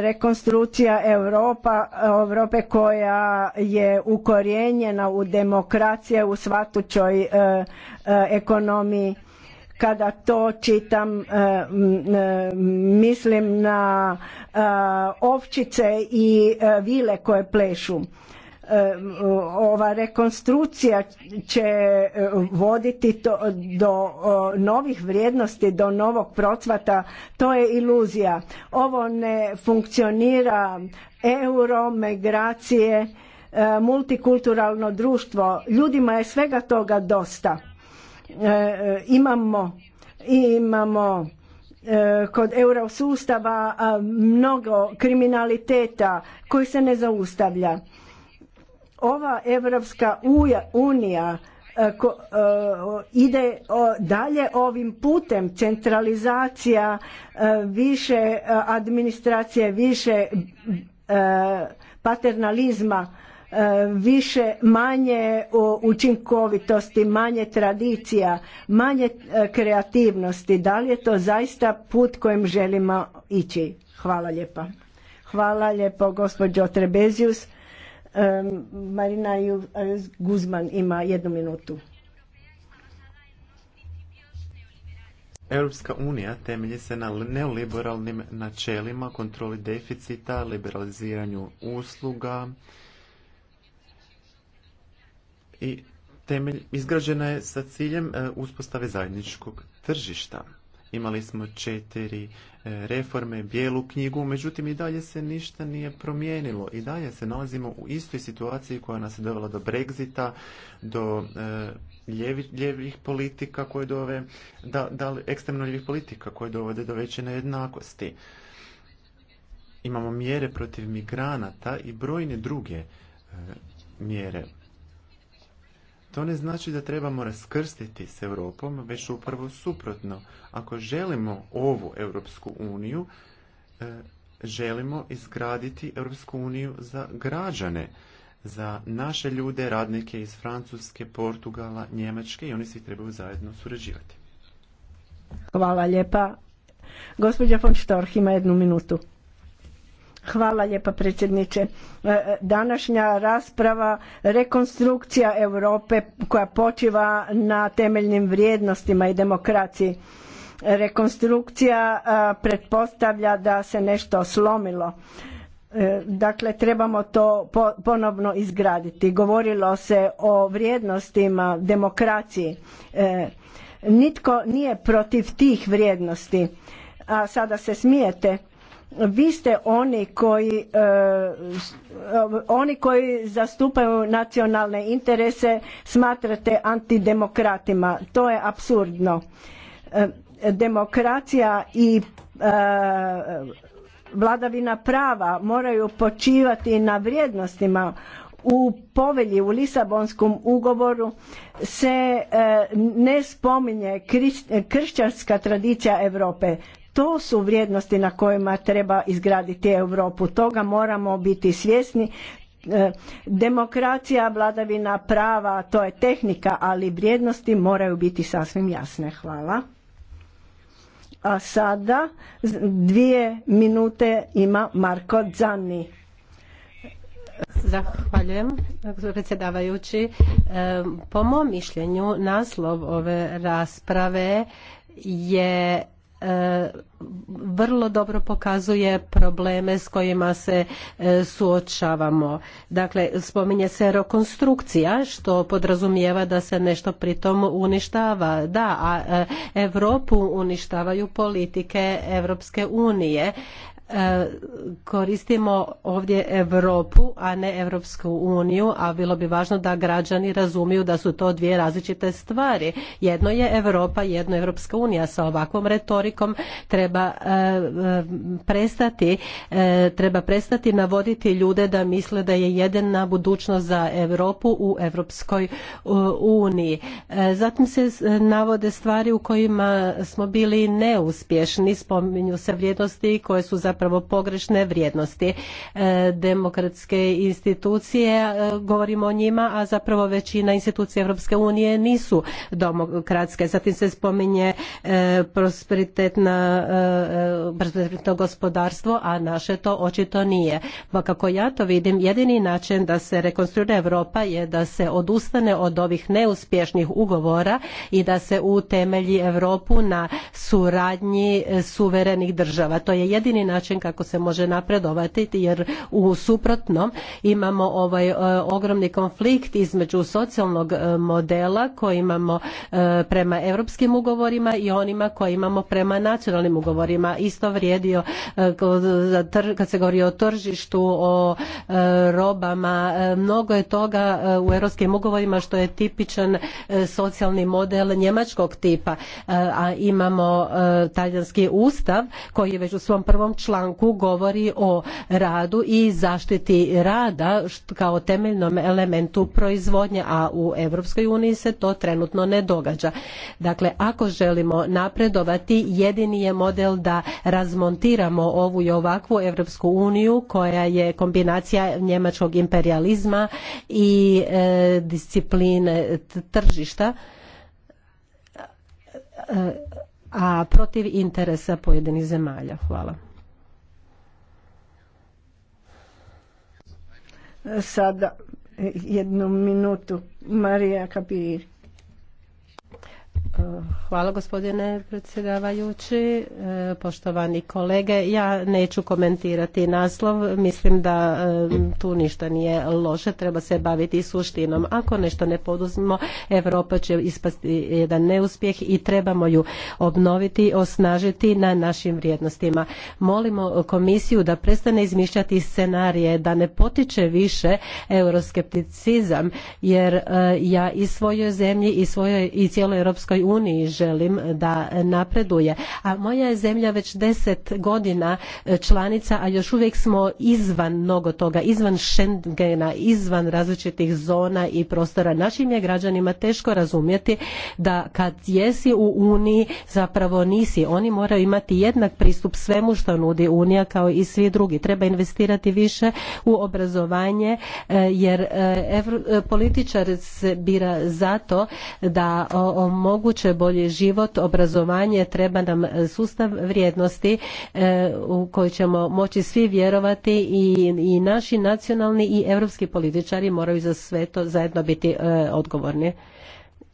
Rekonstrucija Europa, Europe koja je ukorijenjena u demokracije u svatućoj e, ekonomiji. Kada to čitam mislim na ovčice i vile koje plešu E, ova rekonstrukcija će e, voditi do novih vrijednosti, do novog procvata, to je iluzija. Ovo ne funkcionira euro, migracije, e, multikulturalno društvo. Ljudima je svega toga dosta. Imamo, imamo kod eurosustava mnogo kriminaliteta koji se ne zaustavlja ova Evropska unija e, e, ide dalje ovim putem centralizacija e, više administracije više paternalizma više manje učinkovitosti manje tradicija manje kreativnosti da li je to zaista put kojim želimo ići hvala lijepa hvala lijepo gospođo Trebezius Marina Guzman ima jednu minutu. Europska unija temelji se na neoliberalnim načelima, kontroli deficita, liberaliziranju usluga i temelj izgrađena je sa ciljem e, uspostave zajedničkog tržišta. Imali smo četiri e, reforme, bijelu knjigu, međutim i dalje se ništa nije promijenilo. I dalje se nalazimo u istoj situaciji koja nas je dovela do Brexita, do e, ljevih politika koje dove, da, da, ekstremno ljevih politika koje dovode do veće nejednakosti. Imamo mjere protiv migranata i brojne druge e, mjere to ne znači da trebamo raskrstiti s Europom, već upravo suprotno. Ako želimo ovu Europsku uniju, e, želimo izgraditi Europsku uniju za građane, za naše ljude, radnike iz Francuske, Portugala, Njemačke i oni svi trebaju zajedno surađivati. Hvala lijepa. Gospođa von Storch ima jednu minutu. Hvala lijepa predsjedniče. E, današnja rasprava rekonstrukcija Europe koja počiva na temeljnim vrijednostima i demokraciji. Rekonstrukcija pretpostavlja da se nešto slomilo. E, dakle, trebamo to ponovno izgraditi. Govorilo se o vrijednostima, demokraciji. E, nitko nije protiv tih vrijednosti. A sada se smijete vi ste oni koji e, oni koji zastupaju nacionalne interese smatrate antidemokratima to je apsurdno e, demokracija i e, vladavina prava moraju počivati na vrijednostima u povelji u Lisabonskom ugovoru se ne spominje kršćanska tradicija Europe to su vrijednosti na kojima treba izgraditi Europu. Toga moramo biti svjesni. E, demokracija, vladavina prava, to je tehnika, ali vrijednosti moraju biti sasvim jasne. Hvala. A sada dvije minute ima Marko Zani. Zahvaljujem, predsjedavajući. E, po mom mišljenju naslov ove rasprave je vrlo dobro pokazuje probleme s kojima se e, suočavamo. Dakle, spominje se rekonstrukcija što podrazumijeva da se nešto pritom uništava. Da, a e, Europu uništavaju politike Europske unije koristimo ovdje Europu, a ne Europsku uniju, a bilo bi važno da građani razumiju da su to dvije različite stvari. Jedno je Europa, jedno je Europska unija. Sa ovakvom retorikom treba e, e, prestati, e, treba prestati navoditi ljude da misle da je jedina budućnost za Europu u Europskoj uniji. Zatim se navode stvari u kojima smo bili neuspješni, spominju se vrijednosti koje su za zapravo pogrešne vrijednosti. E, demokratske institucije, e, govorimo o njima, a zapravo većina institucija Europske unije nisu demokratske. Zatim se spominje e, prosperitetna, prosperitetno gospodarstvo, a naše to očito nije. Pa kako ja to vidim, jedini način da se rekonstruira Europa je da se odustane od ovih neuspješnih ugovora i da se utemelji Europu na suradnji suverenih država. To je jedini način način kako se može napredovati jer u suprotnom imamo ovaj e, ogromni konflikt između socijalnog e, modela koji imamo e, prema europskim ugovorima i onima koji imamo prema nacionalnim ugovorima. Isto vrijedio kad se govori o tržištu, o robama, mnogo je toga u europskim ugovorima što je tipičan socijalni model njemačkog tipa, a imamo talijanski ustav koji je već u svom prvom članku članku govori o radu i zaštiti rada kao temeljnom elementu proizvodnje, a u Europskoj uniji se to trenutno ne događa. Dakle, ako želimo napredovati, jedini je model da razmontiramo ovu i ovakvu Europsku uniju koja je kombinacija njemačkog imperializma i e, discipline tržišta e, a protiv interesa pojedinih zemalja. Hvala. sada e, jednu minutu Marija Kapir. Hvala gospodine predsjedavajući, e, poštovani kolege. Ja neću komentirati naslov, mislim da e, tu ništa nije loše, treba se baviti suštinom. Ako nešto ne poduzmemo, Evropa će ispasti jedan neuspjeh i trebamo ju obnoviti, osnažiti na našim vrijednostima. Molimo komisiju da prestane izmišljati scenarije, da ne potiče više euroskepticizam, jer e, ja i svojoj zemlji i svojoj i cijeloj Europskoj uniji želim da napreduje. A moja je zemlja već deset godina e, članica, a još uvijek smo izvan mnogo toga, izvan Schengena, izvan različitih zona i prostora. Našim je građanima teško razumjeti da kad jesi u Uniji zapravo nisi. Oni moraju imati jednak pristup svemu što nudi Unija kao i svi drugi. Treba investirati više u obrazovanje e, jer e, političar se bira zato da omogući bolje bolji život, obrazovanje, treba nam e, sustav vrijednosti e, u koji ćemo moći svi vjerovati i, naši nacionalni i europski političari moraju za sve to zajedno biti e, odgovorni.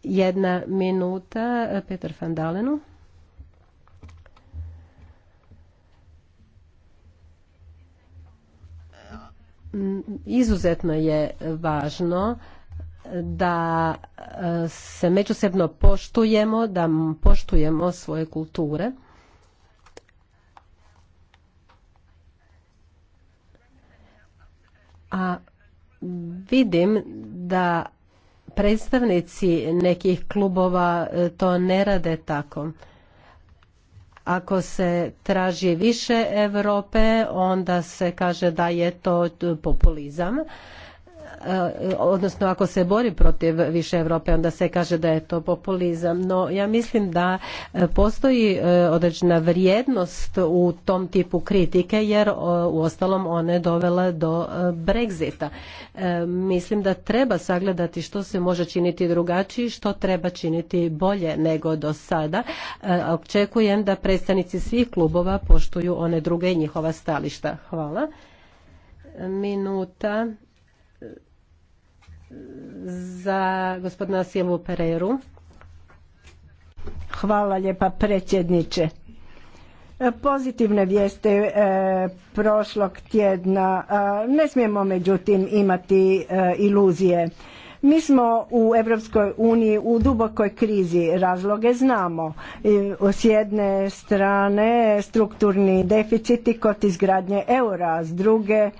Jedna minuta, Petar van Izuzetno je važno da e, se međusobno poštujemo, da poštujemo svoje kulture. A vidim da predstavnici nekih klubova e, to ne rade tako. Ako se traži više Europe, onda se kaže da je to populizam. E, odnosno ako se bori protiv više Europe onda se kaže da je to populizam. No ja mislim da e, postoji e, određena vrijednost u tom tipu kritike jer uostalom ona je dovela do Brexita. Mislim da treba sagledati što se može činiti drugačije, što treba činiti bolje nego do sada. Očekujem da predstavnici svih klubova poštuju one druge i njihova stališta. Hvala. Minuta za gospodina sjevu Pereru. Hvala lijepa predsjedniče. Pozitivne vijeste prošlog tjedna, e, ne smijemo međutim imati e, iluzije. Mi smo u Europskoj uniji u dubokoj krizi, razloge znamo. E, s jedne strane strukturni deficiti kod izgradnje eura, s druge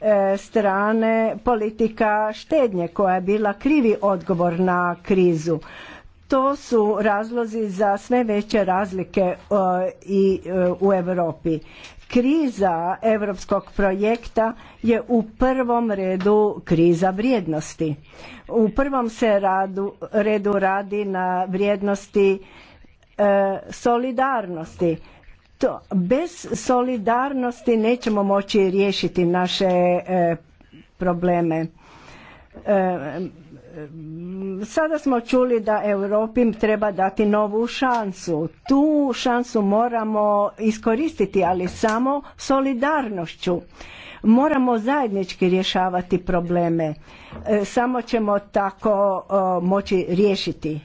E, strane politika štednje koja je bila krivi odgovor na krizu. To su razlozi za sve veće razlike e, i e, u Europi. Kriza europskog projekta je u prvom redu kriza vrijednosti. U prvom se redu radi na vrijednosti solidarnosti to, bez solidarnosti nećemo moći riješiti naše e, probleme. E, sada smo čuli da Europi treba dati novu šansu. Tu šansu moramo iskoristiti, ali samo solidarnošću. Moramo zajednički rješavati probleme. E, samo ćemo tako moći riješiti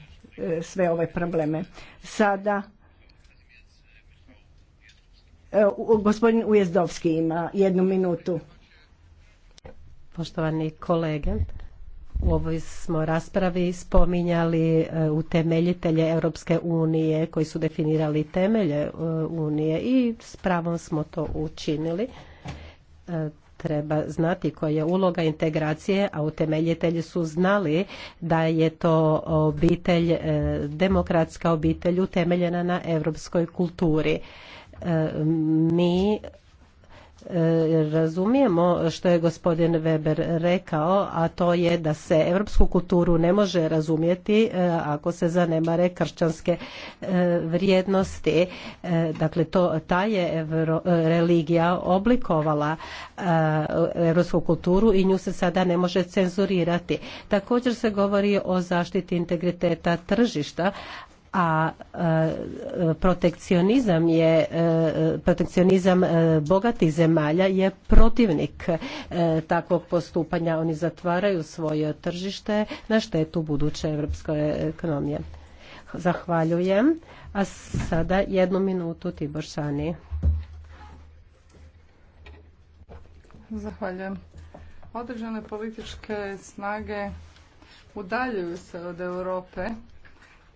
sve ove probleme. Sada E, gospodin Ujezdovski ima jednu minutu. Poštovani kolege, u ovoj smo raspravi spominjali e, utemeljitelje Europske unije koji su definirali temelje e, unije i s pravom smo to učinili. Treba znati koja je uloga integracije, a utemeljitelji su znali da je to obitelj, demokratska obitelj utemeljena na europskoj kulturi. Mi e, razumijemo što je gospodin Weber rekao, a to je da se europsku kulturu ne može razumjeti e, ako se zanemare kršćanske e, vrijednosti. Dakle, to, ta je religija oblikovala europsku kulturu i nju se sada ne može cenzurirati. Također se govori o zaštiti integriteta tržišta, a e, protekcionizam je e, protekcionizam e, bogatih zemalja je protivnik takvog postupanja oni zatvaraju svoje tržište na štetu buduće europske ekonomije zahvaljujem a sada jednu minutu Tibor Šani zahvaljujem određene političke snage udaljuju se od Europe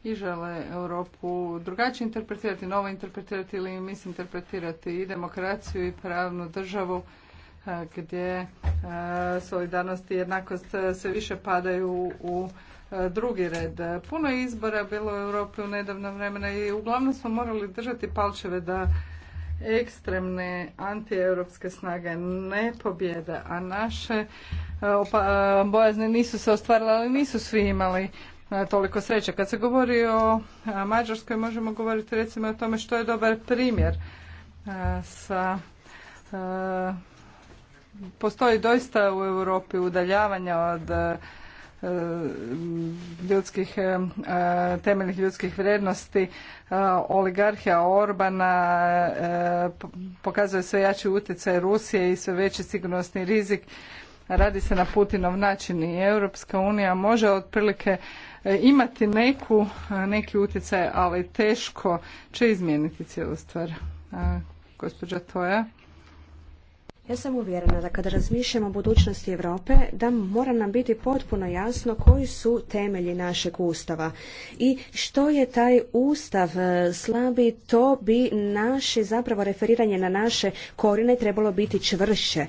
i žele Europu drugačije interpretirati, novo interpretirati ili interpretirati i demokraciju i pravnu državu e, gdje e, solidarnost i jednakost e, sve više padaju u drugi red. Puno je izbora bilo u Europi u nedavno vremena i uglavnom smo morali držati palčeve da ekstremne antieuropske snage ne pobjede, a naše bojazne nisu se ostvarile, ali nisu svi imali toliko sreće. Kad se govori o Mađarskoj možemo govoriti recimo o tome što je dobar primjer sa postoji doista u Europi udaljavanja od ljudskih temeljnih ljudskih vrijednosti oligarhija Orbana pokazuje sve jači utjecaj Rusije i sve veći sigurnosni rizik radi se na Putinov način i Europska unija može otprilike E, imati neku, e, neki utjecaj, ali teško će izmijeniti cijelu stvar. E, gospođa Toja. Ja sam uvjerena da kada razmišljamo o budućnosti Europe, da mora nam biti potpuno jasno koji su temelji našeg Ustava i što je taj Ustav e, slabi, to bi naše zapravo referiranje na naše korine trebalo biti čvršće. E,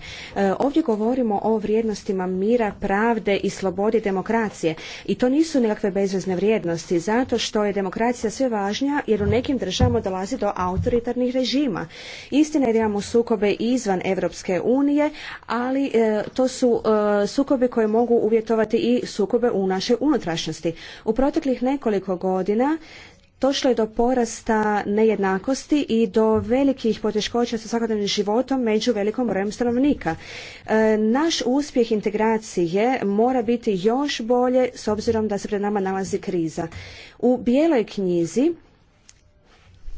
ovdje govorimo o vrijednostima mira, pravde i slobodi demokracije i to nisu nekakve bezvezne vrijednosti zato što je demokracija sve važnija jer u nekim državama dolazi do autoritarnih režima. Istina je da imamo sukobe izvan Europske Europske unije, ali e, to su e, sukobi koji mogu uvjetovati i sukobe u našoj unutrašnjosti. U proteklih nekoliko godina došlo je do porasta nejednakosti i do velikih poteškoća sa svakodnevnim životom među velikom brojem stanovnika. E, naš uspjeh integracije mora biti još bolje s obzirom da se pred nama nalazi kriza. U bijeloj knjizi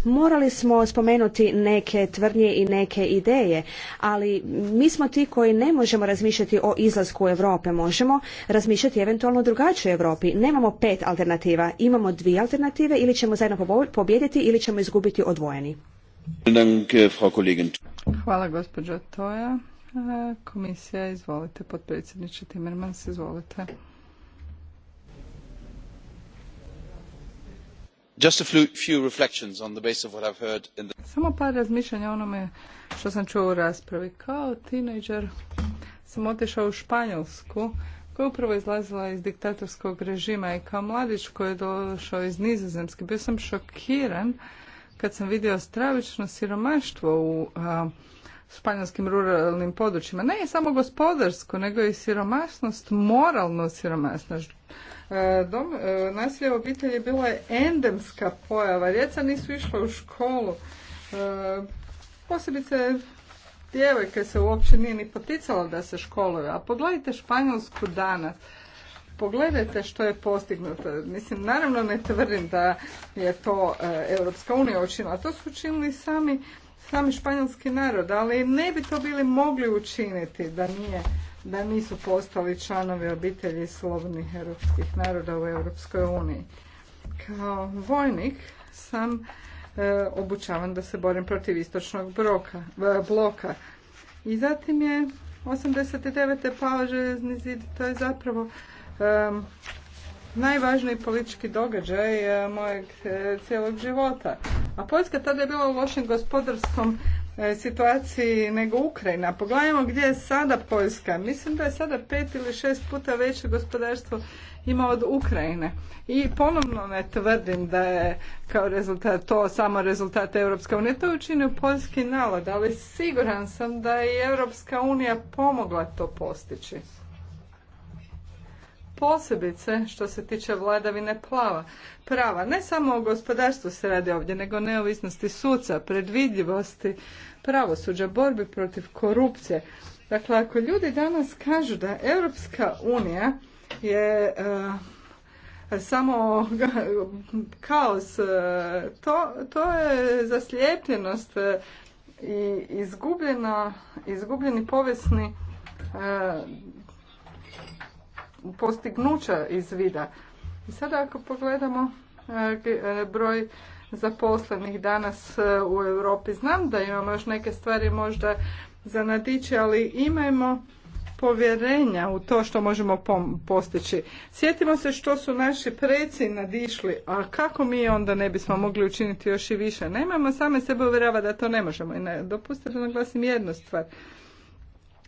Morali smo spomenuti neke tvrdnje i neke ideje, ali mi smo ti koji ne možemo razmišljati o izlasku Europe. Možemo razmišljati eventualno o drugačijoj Europi. Nemamo pet alternativa, imamo dvije alternative ili ćemo zajedno pobijediti ili ćemo izgubiti odvojeni. Hvala gospođo Toja. E, komisija, izvolite, potpredsjedniče Timmermans, izvolite. Samo par razmišljanja onome što sam čuo u raspravi. Kao tinejdžer sam otišao u Španjolsku koja je upravo izlazila iz diktatorskog režima i kao mladić koji je došao iz Nizozemske bio sam šokiran kad sam vidio stravično siromaštvo u španjolskim ruralnim područjima. Ne samo gospodarsko, nego i siromašnost, moralno siromašnost. E, dom, e, nasilje u obitelji bilo je endemska pojava. Djeca nisu išla u školu. E, posebice djevojke se uopće nije ni poticalo da se školuje. A pogledajte Španjolsku danas. Pogledajte što je postignuto. Mislim, naravno ne tvrdim da je to Europska unija učinila. To su učinili sami, sami španjolski narod, ali ne bi to bili mogli učiniti da nije da nisu postali članovi obitelji slobodnih europskih naroda u Europskoj uniji. Kao vojnik sam e, obučavan da se borim protiv istočnog broka, e, bloka. I zatim je 89. pao željezni zid. To je zapravo e, najvažniji politički događaj e, mojeg cijelog života. A Poljska tada je bila u lošem gospodarskom E, situaciji nego Ukrajina. Pogledajmo gdje je sada Poljska. Mislim da je sada pet ili šest puta veće gospodarstvo ima od Ukrajine. I ponovno ne tvrdim da je kao rezultat to samo rezultat Europske unije. To učinio poljski nalad, ali siguran sam da je Europska unija pomogla to postići posebice što se tiče vladavine plava, prava. Ne samo o gospodarstvu se radi ovdje, nego neovisnosti suca, predvidljivosti pravosuđa, borbi protiv korupcije. Dakle, ako ljudi danas kažu da Europska unija je e, samo kaos, e, to, to je zaslijepljenost e, i izgubljena, izgubljeni povijesni postignuća iz vida. I sada ako pogledamo eh, eh, broj zaposlenih danas eh, u Europi, znam da imamo još neke stvari možda nadići, ali imajmo povjerenja u to što možemo postići. Sjetimo se što su naši preci nadišli, a kako mi onda ne bismo mogli učiniti još i više. Nemojmo same sebe uvjerava da to ne možemo. I ne, dopustite da naglasim jednu stvar.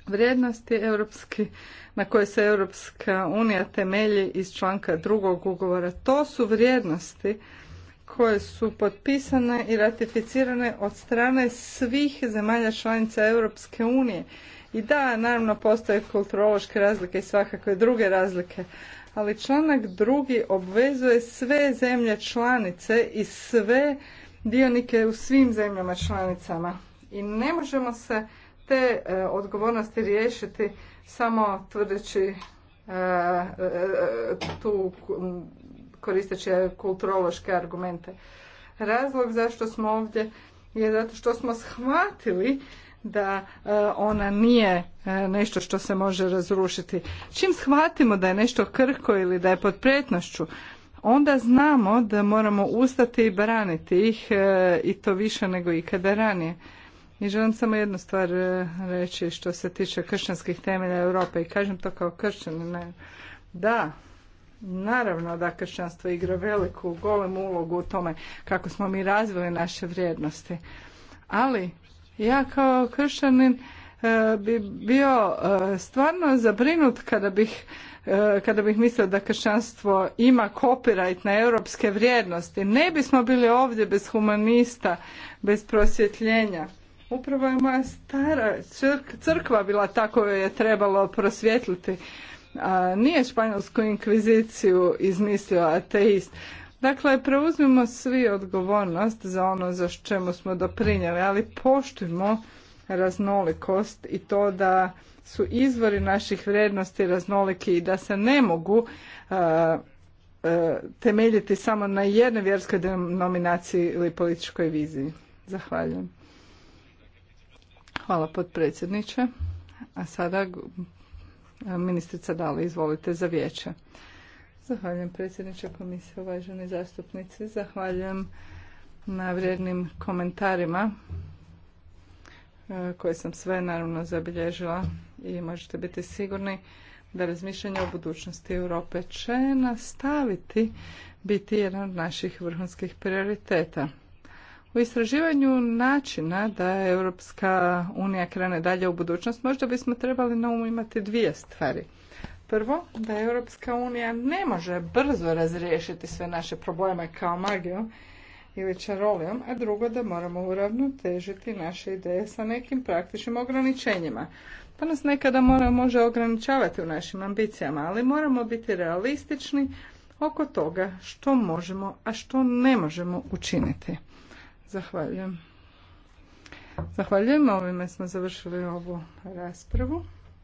Vrijednosti europski, na koje se Europska unija temelji iz članka drugog ugovora, to su vrijednosti koje su potpisane i ratificirane od strane svih zemalja članica Europske unije. I da, naravno postoje kulturološke razlike i svakakve druge razlike, ali članak drugi obvezuje sve zemlje članice i sve dionike u svim zemljama članicama. I ne možemo se te e, odgovornosti riješiti samo tvrdeći e, e, tu koristeći kulturološke argumente. Razlog zašto smo ovdje je zato što smo shvatili da ona nije nešto što se može razrušiti. Čim shvatimo da je nešto krhko ili da je pod pretnošću, onda znamo da moramo ustati i braniti ih i to više nego ikada ranije. I želim samo jednu stvar e, reći što se tiče kršćanskih temelja Europe i kažem to kao kršćanin. Da, naravno da kršćanstvo igra veliku, golemu ulogu u tome kako smo mi razvili naše vrijednosti. Ali ja kao kršćanin e, bi bio e, stvarno zabrinut kada bih kada bih mislio da kršćanstvo ima copyright na europske vrijednosti. Ne bismo bili ovdje bez humanista, bez prosvjetljenja. Upravo je moja stara crkva bila ta koju je trebalo prosvjetliti. nije španjolsku inkviziciju izmislio ateist. Dakle, preuzmimo svi odgovornost za ono za čemu smo doprinjeli, ali poštujmo raznolikost i to da su izvori naših vrijednosti raznoliki i da se ne mogu temeljiti samo na jednoj vjerskoj denominaciji ili političkoj viziji. Zahvaljujem. Hvala potpredsjedniče. A sada ministrica Dali, izvolite za vijeće. Zahvaljujem predsjedniče komisije, uvaženi zastupnici. Zahvaljujem na vrijednim komentarima e, koje sam sve naravno zabilježila i možete biti sigurni da razmišljanje o budućnosti Europe će nastaviti biti jedan od naših vrhunskih prioriteta. U istraživanju načina da Europska unija krene dalje u budućnost, možda bismo trebali na umu imati dvije stvari. Prvo, da Europska unija ne može brzo razriješiti sve naše probleme kao magijom ili čarolijom, a drugo da moramo uravnotežiti naše ideje sa nekim praktičnim ograničenjima. Pa nas nekada mora, može ograničavati u našim ambicijama, ali moramo biti realistični oko toga što možemo, a što ne možemo učiniti. Zahvaljujem. Zahvaljujem. Ovime smo završili ovu raspravu.